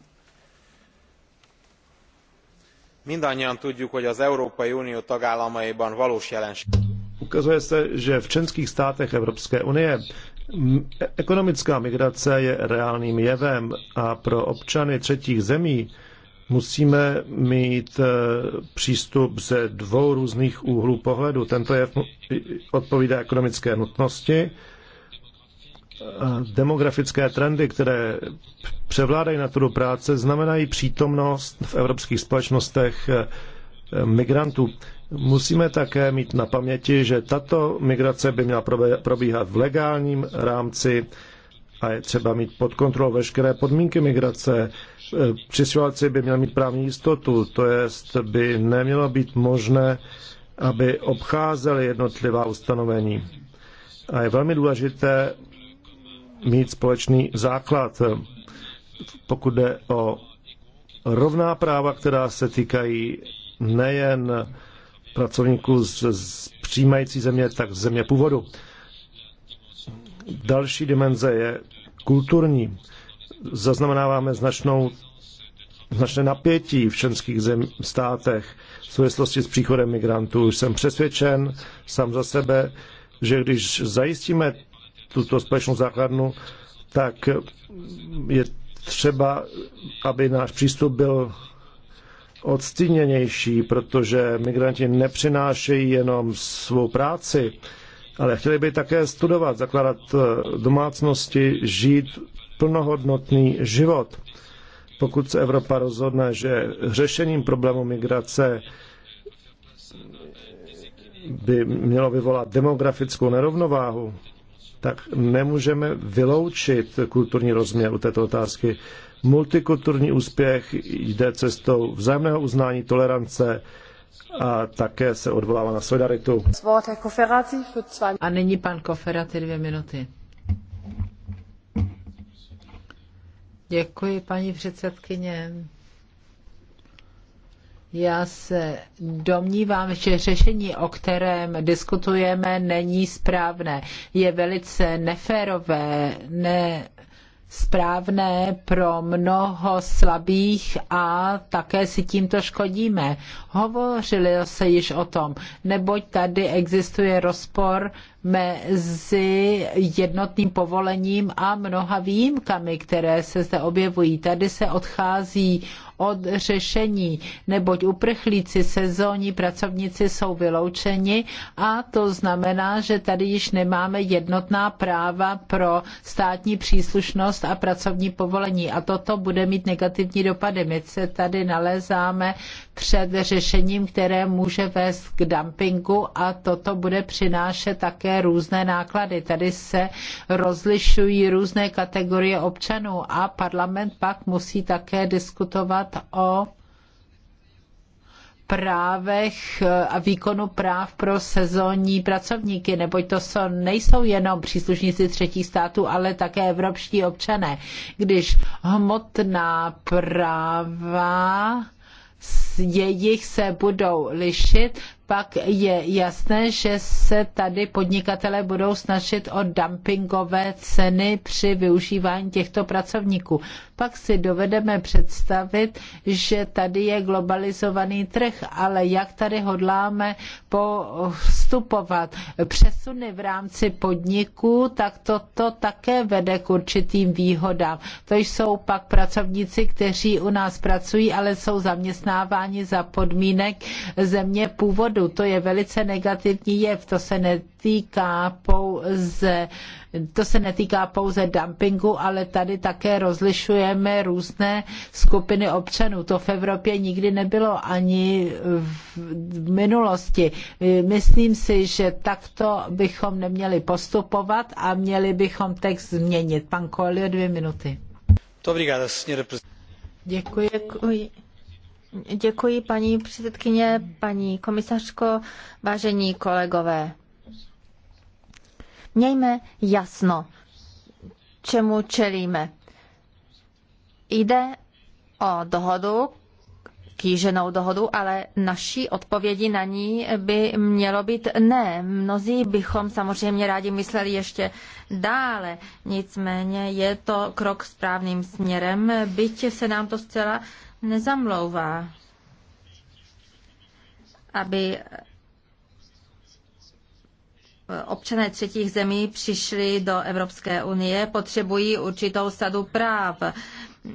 Mindannyian tudjuk, hogy az Európai Unió tagállamaiban valós jelenség. Ukazuje se, že v členských státech Evropské unie ekonomická migrace je reálným jevem a pro občany třetích zemí musíme mít eh, přístup ze dvou různých úhlů pohledu. Tento je odpovídá ekonomické nutnosti. Demografické trendy, které převládají na trhu práce, znamenají přítomnost v evropských společnostech eh, migrantů. Musíme také mít na paměti, že tato migrace by měla probíhat v legálním rámci a je třeba mít pod kontrolou veškeré podmínky migrace Eh, přistěhovalci by měli mít právní jistotu, to jest by nemělo být možné, aby obcházeli jednotlivá ustanovení. A je velmi důležité mít společný základ, pokud jde o rovná práva, která se týkají nejen pracovníků z, z přijímající země, tak z země původu. Další dimenze je kulturní zaznamenáváme značnou, značné napětí v členských zem, státech v souvislosti s příchodem migrantů. Jsem přesvědčen sám za sebe, že když zajistíme tuto společnou základnu, tak je třeba, aby náš přístup byl odstíněnější, protože migranti nepřinášejí jenom svou práci, ale chtěli by také studovat, zakládat domácnosti, žít plnohodnotný život. Pokud se Evropa rozhodne, že řešením problému migrace by mělo vyvolat demografickou nerovnováhu, tak nemůžeme vyloučit kulturní rozměr u této otázky. Multikulturní úspěch jde cestou vzájemného uznání, tolerance a také se odvolává na solidaritu. A nyní pan Koferati dvě minuty. Děkuji, paní předsedkyně. Já se domnívám, že řešení, o kterém diskutujeme, není správné. Je velice neférové, ne správné pro mnoho slabých a také si tímto škodíme. Hovořili se již o tom, neboť tady existuje rozpor mezi jednotným povolením a mnoha výjimkami, které se zde objevují. Tady se odchází od řešení, neboť uprchlíci, sezónní pracovníci jsou vyloučeni a to znamená, že tady již nemáme jednotná práva pro státní příslušnost a pracovní povolení a toto bude mít negativní dopady. My se tady nalézáme před řešením, které může vést k dumpingu a toto bude přinášet také různé náklady. Tady se rozlišují různé kategorie občanů a parlament pak musí také diskutovat jednat o právech a výkonu práv pro sezónní pracovníky, neboť to jsou nejsou jenom příslušníci třetích států, ale také evropští občané. Když hmotná práva jejich se budou lišit, pak je jasné, že se tady podnikatele budou snažit o dumpingové ceny při využívání těchto pracovníků. Pak si dovedeme představit, že tady je globalizovaný trh, ale jak tady hodláme postupovat přesuny v rámci podniků, tak toto také vede k určitým výhodám. To jsou pak pracovníci, kteří u nás pracují, ale jsou zaměstnáváni za podmínek země původu odpadu. To je velice negativní jev, to se netýká pouze, to se netýká pouze dumpingu, ale tady také rozlišujeme různé skupiny občanů. To v Evropě nikdy nebylo ani v minulosti. Myslím si, že takto bychom neměli postupovat a měli bychom text změnit. Pan Kolio, dvě minuty. Děkuji. Děkuji. Děkuji, paní předsedkyně, paní komisařko, vážení kolegové. Mějme jasno, čemu čelíme. Jde o dohodu, kýženou dohodu, ale naší odpovědi na ní by mělo být ne. Mnozí bychom samozřejmě rádi mysleli ještě dále, nicméně je to krok správným směrem, byť se nám to zcela nezamlouvá, aby občané třetích zemí přišli do Evropské unie, potřebují určitou sadu práv.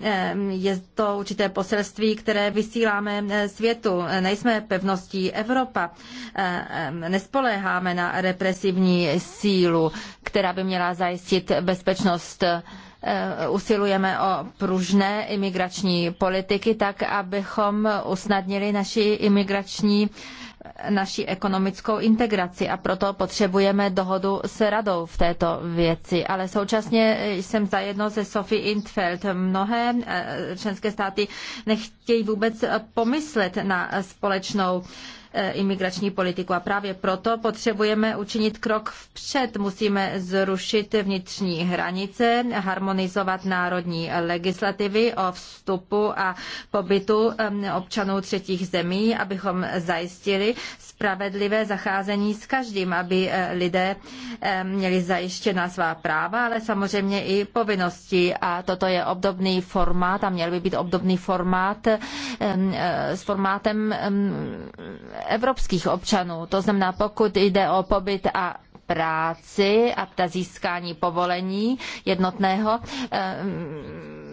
Eh, je to určité poselství, které vysíláme světu. Nejsme pevností Evropa. Eh, nespoléháme na represivní sílu, která by měla zajistit bezpečnost Eh, usilujeme o pružné imigrační politiky, tak abychom usnadnili naši imigrační naši ekonomickou integraci a proto potřebujeme dohodu s radou v této věci. Ale současně jsem zajedno se Sophie Intfeld. Mnohé eh, členské státy nechtějí vůbec pomyslet na společnou Eh, imigrační politiku. A právě proto potřebujeme učinit krok vpřed. Musíme zrušit vnitřní hranice, harmonizovat národní legislativy o vstupu a pobytu eh, občanů třetích zemí, abychom zajistili spravedlivé zacházení s každým, aby eh, lidé měli zajištěna svá práva, ale samozřejmě i povinnosti. A toto je obdobný formát a měl by být obdobný formát s formátem evropských občanů. To znamená, pokud jde o pobyt a práci a ta získání povolení jednotného eh,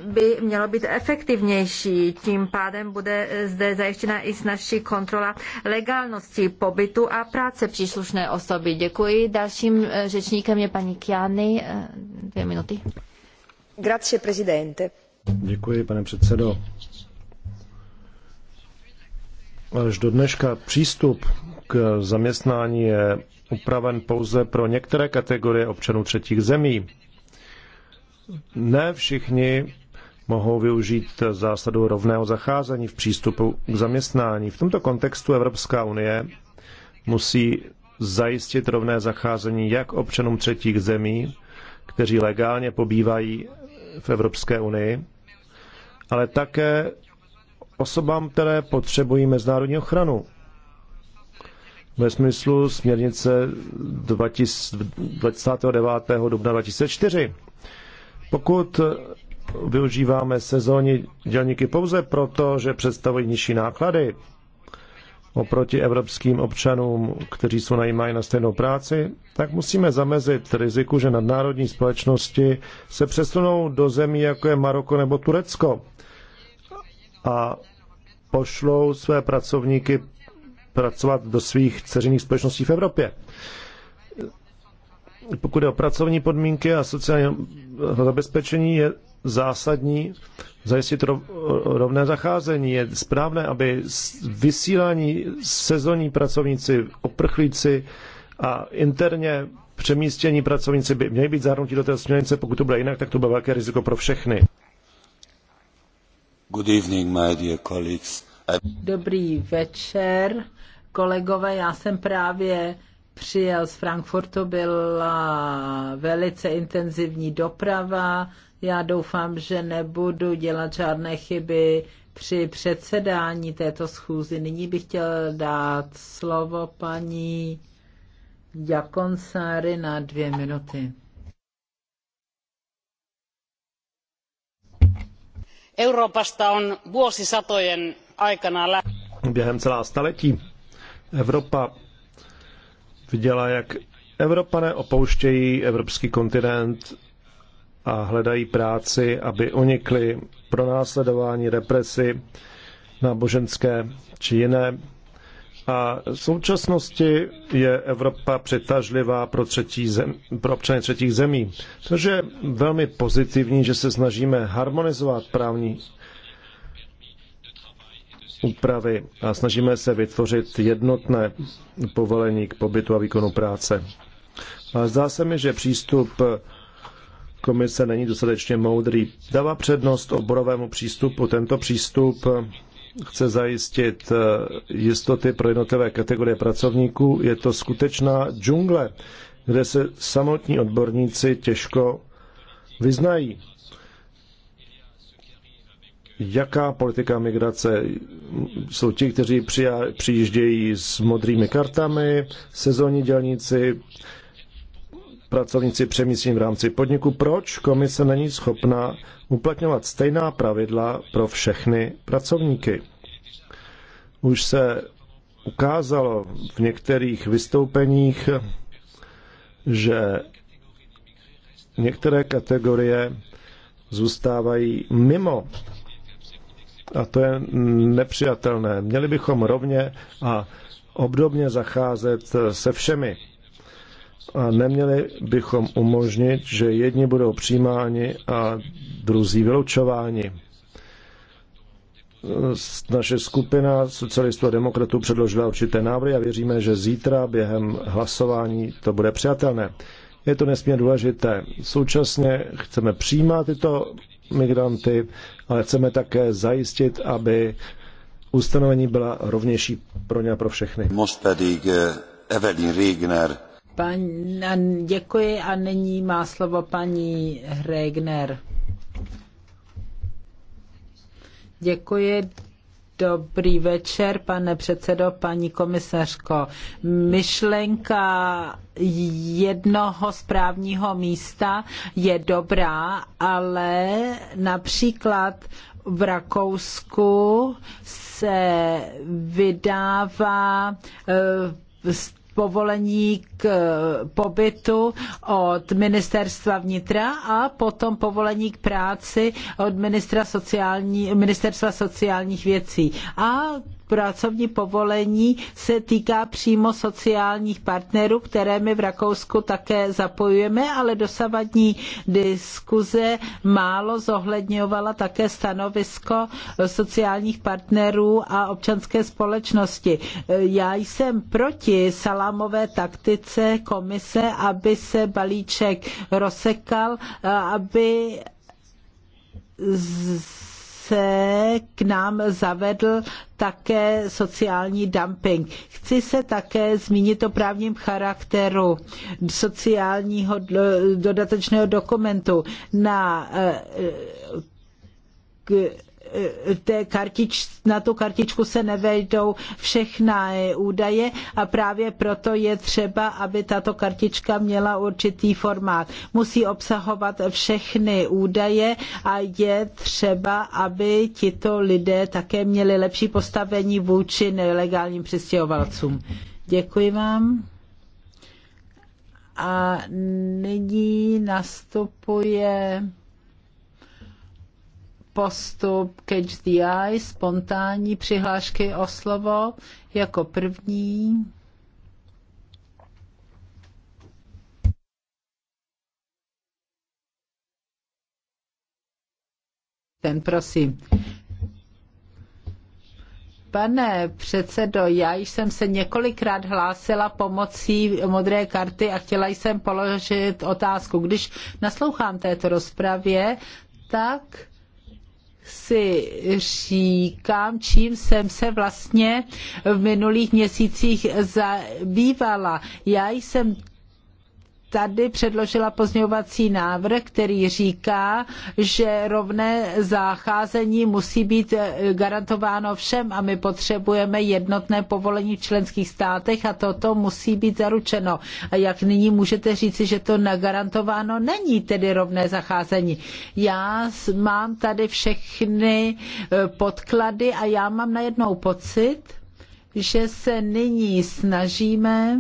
by mělo být efektivnější. Tím pádem bude zde zajištěna i snažší kontrola legálnosti pobytu a práce příslušné osoby. Děkuji. Dalším eh, řečníkem je paní Kiany. Eh, dvě minuty. Grazie, prezidente. Děkuji, pane předsedo až do dneška přístup k zaměstnání je upraven pouze pro některé kategorie občanů třetích zemí. Ne všichni mohou využít zásadu rovného zacházení v přístupu k zaměstnání. V tomto kontextu Evropská unie musí zajistit rovné zacházení jak občanům třetích zemí, kteří legálně pobývají v Evropské unii, ale také osobám, které potřebují mezinárodní ochranu. Ve smyslu směrnice 29. dubna 2004. Pokud využíváme sezóní dělníky pouze proto, že představují nižší náklady oproti evropským občanům, kteří jsou najímají na stejnou práci, tak musíme zamezit riziku, že nadnárodní společnosti se přesunou do zemí, jako je Maroko nebo Turecko. A pošlou své pracovníky pracovat do svých dceřiných společností v Evropě. Pokud je o pracovní podmínky a sociální zabezpečení, je zásadní zajistit rovné zacházení. Je správné, aby vysílání sezónní pracovníci, oprchlíci a interně přemístění pracovníci by měli být zahrnuti do té směrnice, pokud to bude jinak, tak to bude velké riziko pro všechny. Dobrý večer, kolegové. Já jsem právě přijel z Frankfurtu, byla velice intenzivní doprava. Já doufám, že nebudu dělat žádné chyby při předsedání této schůzy. Nyní bych chtěl dát slovo paní Jakonsáry na dvě minuty. euroopasta on vuosisatojen aikana lähtenyt během celá staletí Evropa viděla, jak Evropané opouštějí evropský kontinent a hledají práci, aby unikli pronásledování, represi, náboženské či jiné a v současnosti je Evropa přitažlivá pro, třetí zem, pro občany třetích zemí. Což je velmi pozitivní, že se snažíme harmonizovat právní úpravy a snažíme se vytvořit jednotné povolení k pobytu a výkonu práce. A zdá se mi, že přístup komise není dostatečně moudrý. Dává přednost oborovému přístupu. Tento přístup chce zajistit eh, jistoty pro jednotlivé kategorie pracovníků. Je to skutečná džungle, kde se samotní odborníci těžko vyznají. Jaká politika migrace? Jsou ti, kteří přijíždějí s modrými kartami, sezónní dělníci, pracovníci přemístění v rámci podniku. Proč komise není schopna uplatňovat stejná pravidla pro všechny pracovníky? Už se ukázalo v některých vystoupeních, že některé kategorie zůstávají mimo. A to je nepřijatelné. Měli bychom rovně a obdobně zacházet se všemi a neměli bychom umožnit, že jedni budou přijímáni a druzí vyloučováni. Naše skupina socialistů a demokratů předložila určité návrhy a věříme, že zítra během hlasování to bude přijatelné. Je to nesmírně důležité. Současně chceme přijímat tyto migranty, ale chceme také zajistit, aby ustanovení byla rovnější pro ně a pro všechny. Most pedig eh, Evelyn Regner Pan, děkuji a nyní má slovo paní Regner. Děkuji. Dobrý večer, pane předsedo, paní komisařko. Myšlenka jednoho správního místa je dobrá, ale například v Rakousku se vydává eh, povolení k pobytu od ministerstva vnitra a potom povolení k práci od ministra sociální, ministerstva sociálních věcí. A pracovní povolení se týká přímo sociálních partnerů, které my v Rakousku také zapojujeme, ale dosavadní diskuze málo zohledňovala také stanovisko sociálních partnerů a občanské společnosti. Já jsem proti salámové taktice komise, aby se balíček rozsekal, aby z se k nám zavedl také sociální dumping. Chci se také zmínit o právním charakteru sociálního eh, dodatečného dokumentu. Na eh, k té kartič, na tu kartičku se nevejdou všechna údaje a právě proto je třeba, aby tato kartička měla určitý formát. Musí obsahovat všechny údaje a je třeba, aby tito lidé také měli lepší postavení vůči nelegálním přistěhovalcům. Děkuji vám. A nyní nastupuje postup Catch the Eye, spontánní přihlášky o slovo jako první. Ten prosím. Pane předsedo, já jsem se několikrát hlásila pomocí modré karty a chtěla jsem položit otázku. Když naslouchám této rozpravě, tak si říkám, čím jsem se vlastně v minulých měsících zabývala. Já jsem tady předložila pozměňovací návrh, který říká, že rovné zacházení musí být eh, garantováno všem a my potřebujeme jednotné povolení v členských státech a toto musí být zaručeno. A jak nyní můžete říci, že to negarantováno není tedy rovné zacházení. Já mám tady všechny eh, podklady a já mám najednou pocit, že se nyní snažíme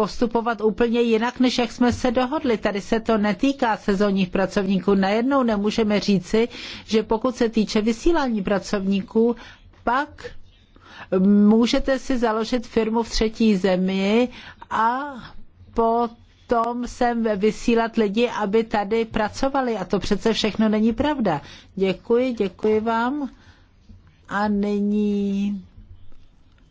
postupovat úplně jinak, než jak jsme se dohodli. Tady se to netýká sezónních pracovníků. Najednou nemůžeme říci, že pokud se týče vysílání pracovníků, pak můžete si založit firmu v třetí zemi a potom sem vysílat lidi, aby tady pracovali. A to přece všechno není pravda. Děkuji, děkuji vám. A nyní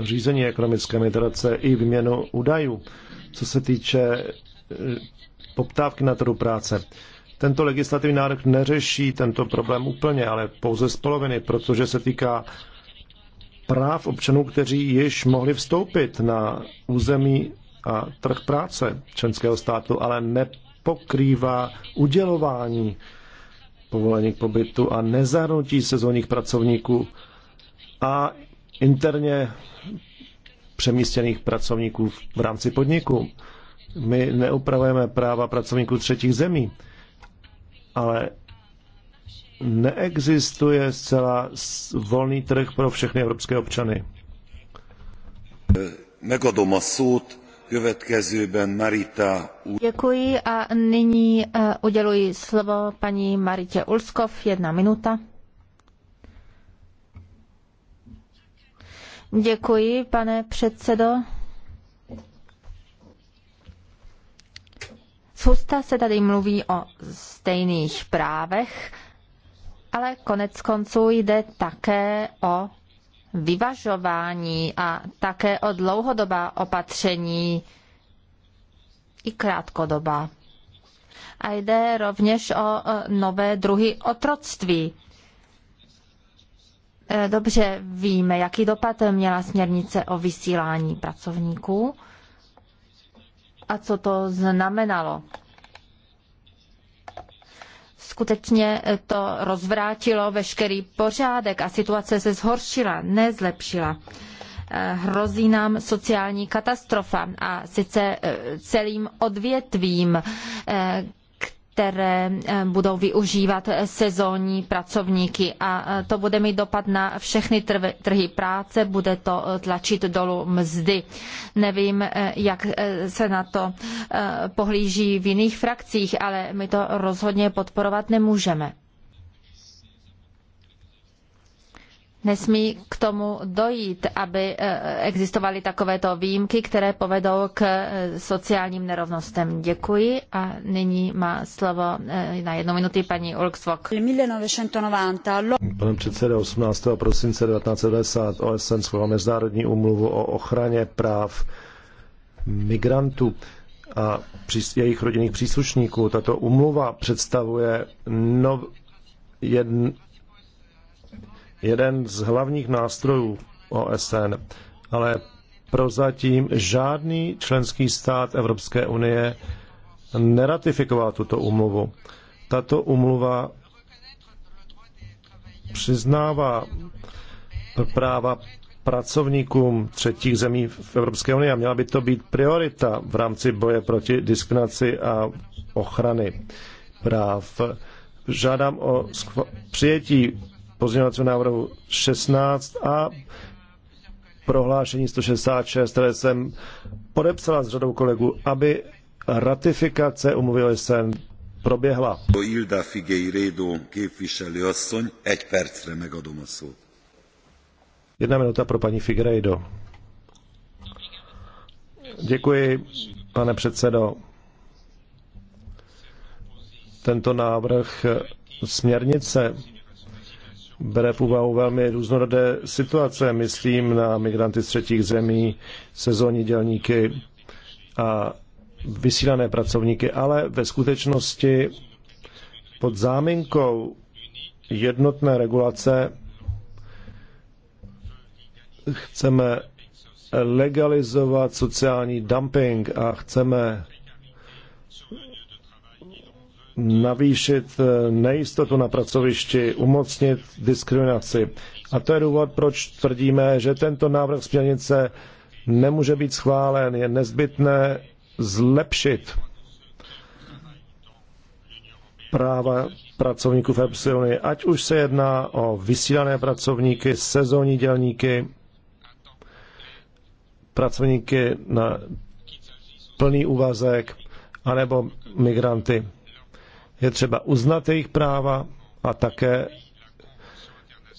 řízení ekonomické migrace i výměnu údajů, co se týče eh, poptávky na trhu práce. Tento legislativní nárok neřeší tento problém úplně, ale pouze z poloviny, protože se týká práv občanů, kteří již mohli vstoupit na území a trh práce členského státu, ale nepokrývá udělování povolení k pobytu a nezahrnutí sezónních pracovníků a interně přemístěných pracovníků v rámci podniku. My neupravujeme práva pracovníků třetích zemí, ale neexistuje zcela volný trh pro všechny evropské občany. Megadom a szót következőben Marita Děkuji a nyní eh, uděluji slovo paní Maritě Ulskov. Jedna minuta. Děkuji, pane předsedo. Zhusta se tady mluví o stejných právech, ale konec konců jde také o vyvažování a také o dlouhodobá opatření i krátkodobá. A jde rovněž o nové druhy otroctví. Eh, dobře víme, jaký dopad měla směrnice o vysílání pracovníků a co to znamenalo. Skutečně eh, to rozvrátilo veškerý pořádek a situace se zhoršila, nezlepšila eh, hrozí nám sociální katastrofa a sice celým odvětvím, které eh, budou využívat sezónní pracovníky a eh, to bude mít dopad na všechny trhy práce, bude to eh, tlačit dolů mzdy. Nevím, jak se na to pohlíží v jiných frakcích, ale my to rozhodně podporovat nemůžeme. Nesmí k tomu dojít, aby eh, existovaly takovéto výjimky, které povedou k eh, sociálním nerovnostem. Děkuji a nyní má slovo eh, na jednu minutu paní Ulksvok. Pane předsedo, 18. prosince 1990 OSN schválil Mezinárodní umluvu o ochraně práv migrantů a jejich rodinných příslušníků. Tato umluva představuje nov, jedn, jeden z hlavních nástrojů OSN, ale prozatím žádný členský stát Evropské unie neratifikoval tuto umluvu. Tato umluva přiznává práva pracovníkům třetích zemí v Evropské unii a měla by to být priorita v rámci boje proti diskriminaci a ochrany práv. Žádám o přijetí pozměňovacího návrhu 16 a prohlášení 166, které jsem podepsala s řadou kolegů, aby ratifikace umluvy OSN proběhla. Ilda Figueiredo asszony, egy percre megadom a szót. Jedna minuta pro paní Figueiredo. Děkuji, pane předsedo. Tento návrh směrnice bere v úvahu velmi různorodé situace. Myslím na migranty z třetích zemí, sezónní dělníky a vysílané pracovníky, ale ve skutečnosti pod záminkou jednotné regulace chceme legalizovat sociální dumping a chceme navýšit eh, nejistotu na pracovišti, umocnit diskriminaci. A to je důvod, proč tvrdíme, že tento návrh směrnice nemůže být schválen. Je nezbytné zlepšit práva pracovníků v Evropské unii, ať už se jedná o vysílané pracovníky, sezónní dělníky, pracovníky na plný úvazek, anebo migranty. Je třeba uznat jejich práva a také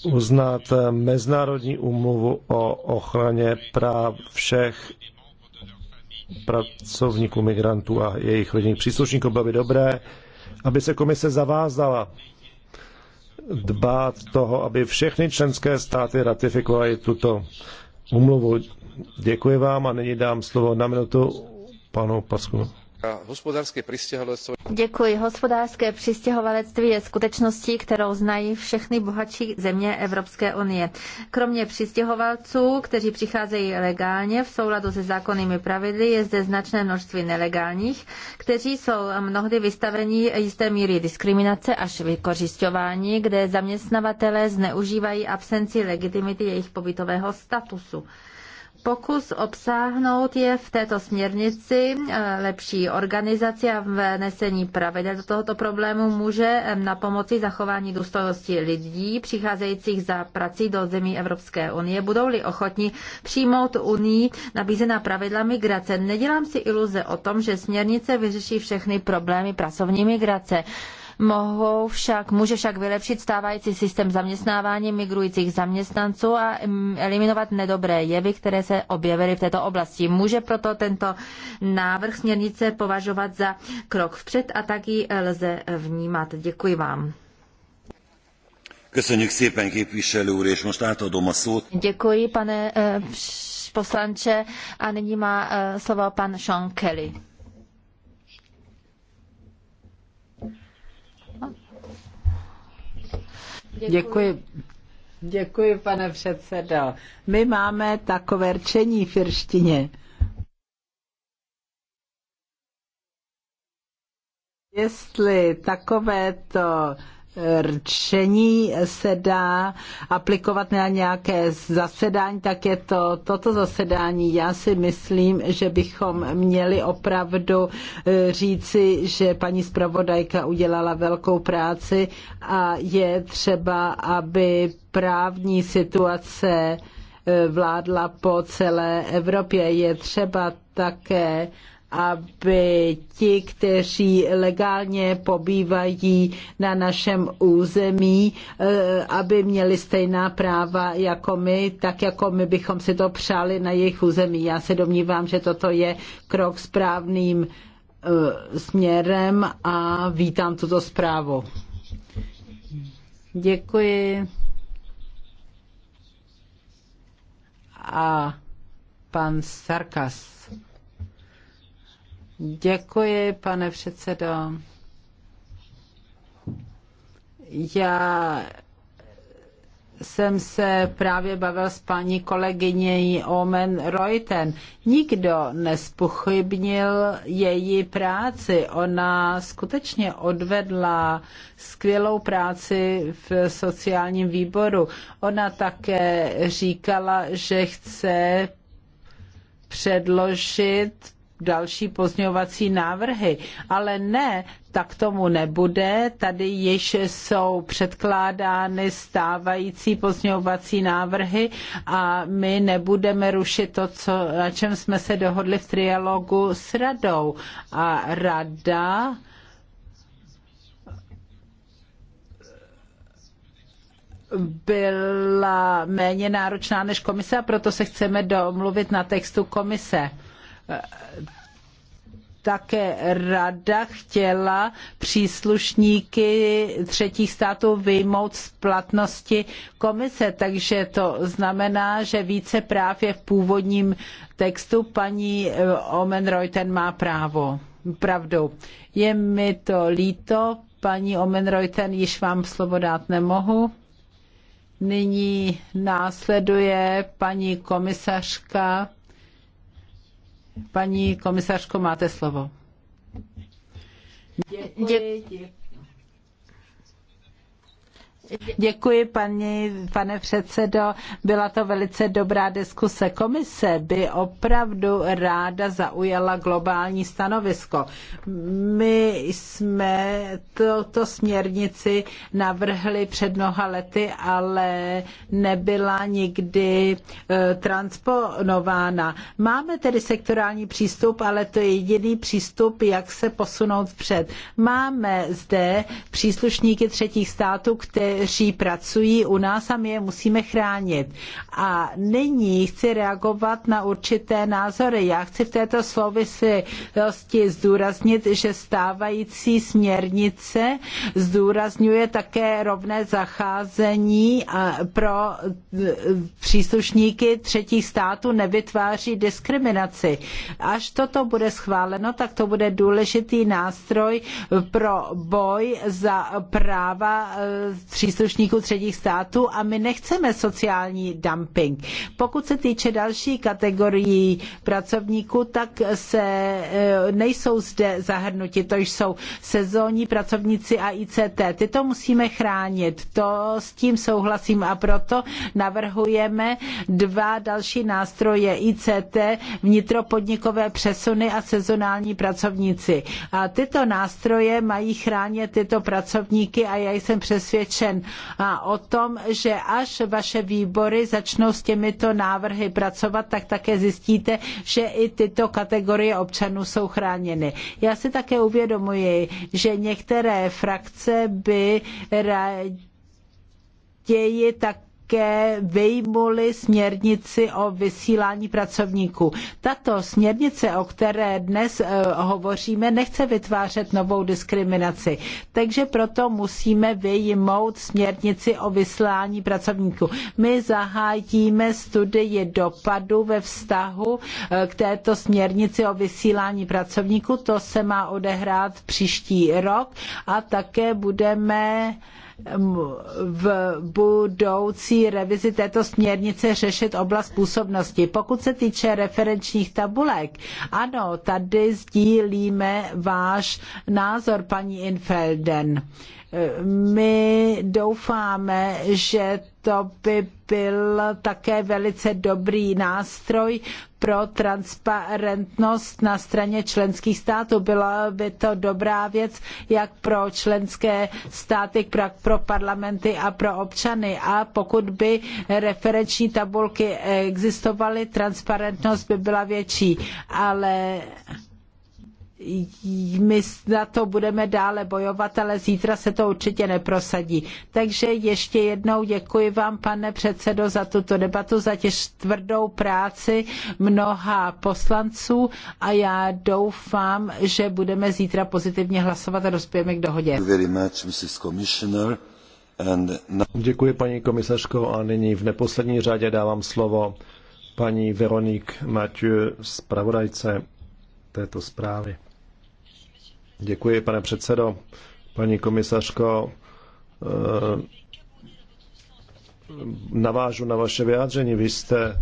uznat Mezinárodní úmluvu o ochraně práv všech pracovníků migrantů a jejich rodinných příslušníků. Bylo by dobré, aby se komise zavázala dbát toho, aby všechny členské státy ratifikovaly tuto úmluvu. Děkuji vám a nyní dám slovo na minutu panu Pasku. Hospodářské přistěhovalectví. Děkuji. Hospodářské přistěhovalectví je skutečností, kterou znají všechny bohatší země Evropské unie. Kromě přistěhovalců, kteří přicházejí legálně v souladu se zákonnými pravidly, je zde značné množství nelegálních, kteří jsou mnohdy vystaveni jisté míry diskriminace až vykořišťování, kde zaměstnavatelé zneužívají absenci legitimity jejich pobytového statusu pokus obsáhnout je v této směrnici eh, lepší organizace a vnesení pravidel do tohoto problému může eh, na pomoci zachování důstojnosti lidí přicházejících za prací do zemí Evropské unie. Budou-li ochotní přijmout unii nabízená pravidla migrace. Nedělám si iluze o tom, že směrnice vyřeší všechny problémy pracovní migrace mohou však, může však vylepšit stávající systém zaměstnávání migrujících zaměstnanců a eliminovat nedobré jevy, které se objevily v této oblasti. Může proto tento návrh směrnice považovat za krok vpřed a tak lze vnímat. Děkuji vám. Köszönjük szépen, képviselő úr, és most átadom a szót. Děkuji, pane eh, poslanče. A nyní má eh, slovo pan Sean Kelly. Děkuji. Děkuji. pane předsedo. My máme takové rčení v firštině. Jestli takovéto Rčení se dá aplikovat na nějaké zasedání, tak je to toto zasedání. Já si myslím, že bychom měli opravdu eh, říci, že paní zpravodajka udělala velkou práci a je třeba, aby právní situace eh, vládla po celé Evropě. Je třeba také aby ti, kteří legálně pobývají na našem území, eh, aby měli stejná práva jako my, tak jako my bychom si to přáli na jejich území. Já se domnívám, že toto je krok správným eh, směrem a vítám tuto zprávu. Děkuji. A pan Sarkas. Děkuji, pane předsedo. Já jsem se právě bavil s paní kolegyně Omen Reuten. Nikdo nespochybnil její práci. Ona skutečně odvedla skvělou práci v sociálním výboru. Ona také říkala, že chce předložit další pozňovací návrhy, ale ne, tak tomu nebude. Tady již jsou předkládány stávající pozňovací návrhy a my nebudeme rušit to, co, na čem jsme se dohodli v trialogu s radou. A rada byla méně náročná než komise a proto se chceme domluvit na textu komise také rada chtěla příslušníky třetích států vyjmout z platnosti komise, takže to znamená, že více práv je v původním textu. Paní eh, Omen má právo. Pravdu. Je mi to líto, paní Omen Reuten, již vám slovo dát nemohu. Nyní následuje paní komisařka Paní komisařko, máte slovo. Děkuji. Dě- Děkuji, paní, pane předsedo. Byla to velice dobrá diskuse. Komise by opravdu ráda zaujala globální stanovisko. My jsme tuto směrnici navrhli před mnoha lety, ale nebyla nikdy eh, transponována. Máme tedy sektorální přístup, ale to je jediný přístup, jak se posunout vpřed. Máme zde příslušníky třetích států, kteří kteří pracují u nás a my je musíme chránit. A nyní chci reagovat na určité názory. Já chci v této souvislosti zdůraznit, že stávající směrnice zdůrazňuje také rovné zacházení pro e, příslušníky třetích států nevytváří diskriminaci. Až toto bude schváleno, tak to bude důležitý nástroj pro boj za práva e, tří příslušníků třetích států a my nechceme sociální dumping. Pokud se týče další kategorií pracovníků, tak se e, nejsou zde zahrnuti. To jsou sezónní pracovníci a ICT. Ty to musíme chránit. To s tím souhlasím a proto navrhujeme dva další nástroje ICT, vnitropodnikové přesuny a sezonální pracovníci. A tyto nástroje mají chránit tyto pracovníky a já jsem přesvědčen, žen a o tom, že až vaše výbory začnou s těmito návrhy pracovat, tak také zjistíte, že i tyto kategorie občanů jsou chráněny. Já si také uvědomuji, že některé frakce by raději tak také vyjmuli směrnici o vysílání pracovníků. Tato směrnice, o které dnes eh, hovoříme, nechce vytvářet novou diskriminaci. Takže proto musíme vyjmout směrnici o vysílání pracovníků. My zahájíme studii dopadu ve vztahu eh, k této směrnici o vysílání pracovníků. To se má odehrát příští rok a také budeme v budoucí revizi této směrnice řešit oblast působnosti. Pokud se týče referenčních tabulek, ano, tady sdílíme váš názor, paní Infelden. My doufáme, že to by byl také velice dobrý nástroj pro transparentnost na straně členských států. Byla by to dobrá věc jak pro členské státy, pro parlamenty a pro občany. A pokud by referenční tabulky existovaly, transparentnost by byla větší. Ale my na to budeme dále bojovat, ale zítra se to určitě neprosadí. Takže ještě jednou děkuji vám, pane předsedo, za tuto debatu, za těž tvrdou práci mnoha poslanců a já doufám, že budeme zítra pozitivně hlasovat a dospějeme k dohodě. Děkuji, paní komisařko, a nyní v neposlední řadě dávám slovo paní Veronik Mathieu, zpravodajce této zprávy. Děkuji, pane předsedo. Paní komisařko, eh, navážu na vaše vyjádření. Vy jste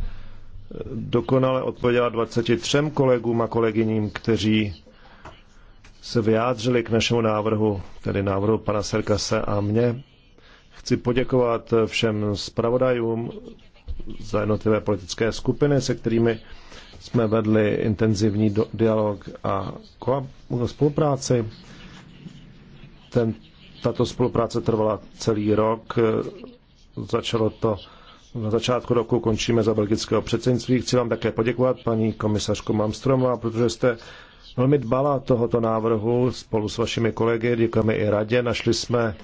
dokonale odpověděla 23 kolegům a kolegyním, kteří se vyjádřili k našemu návrhu, tedy návrhu pana Serkase a mě. Chci poděkovat všem zpravodajům za jednotlivé politické skupiny, se kterými jsme vedli intenzivní dialog a no, spolupráci. Ten, tato spolupráce trvala celý rok. Začalo to na začátku roku, končíme za belgického předsednictví. Chci vám také poděkovat, paní komisařko Mamstromová, protože jste velmi dbala tohoto návrhu spolu s vašimi kolegy, děkujeme i radě. Našli jsme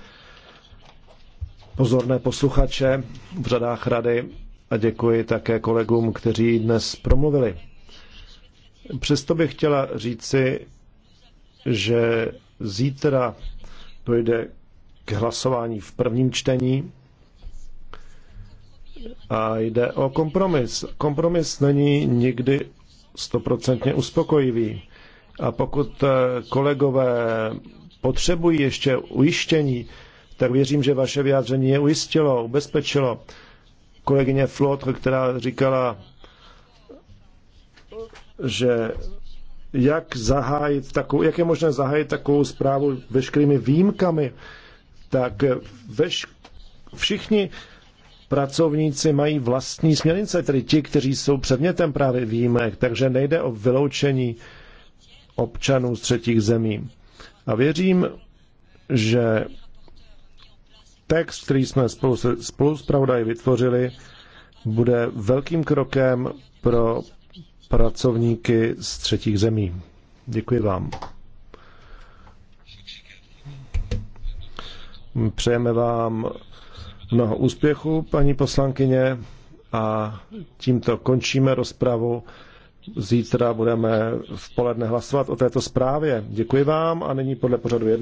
pozorné posluchače v řadách rady a děkuji také kolegům, kteří dnes promluvili. Přesto bych chtěla říci, že zítra dojde k hlasování v prvním čtení a jde o kompromis. Kompromis není nikdy stoprocentně uspokojivý. A pokud eh, kolegové potřebují ještě ujištění, tak věřím, že vaše vyjádření je ujistilo, ubezpečilo. Kolegyně Flot, která říkala, že jak, zahájit takovou, jak je možné zahájit takovou zprávu veškerými výjimkami, tak veš, všichni pracovníci mají vlastní směrnice, tedy ti, kteří jsou předmětem právě výjimek, takže nejde o vyloučení občanů z třetích zemí. A věřím, že text, který jsme spolu, spolu s vytvořili, bude velkým krokem pro pracovníky z třetích zemí. Děkuji vám. Přejeme vám mnoho úspěchu, paní poslankyně, a tímto končíme rozpravu. Zítra budeme v poledne hlasovat o této zprávě. Děkuji vám a nyní podle pořadu jedno.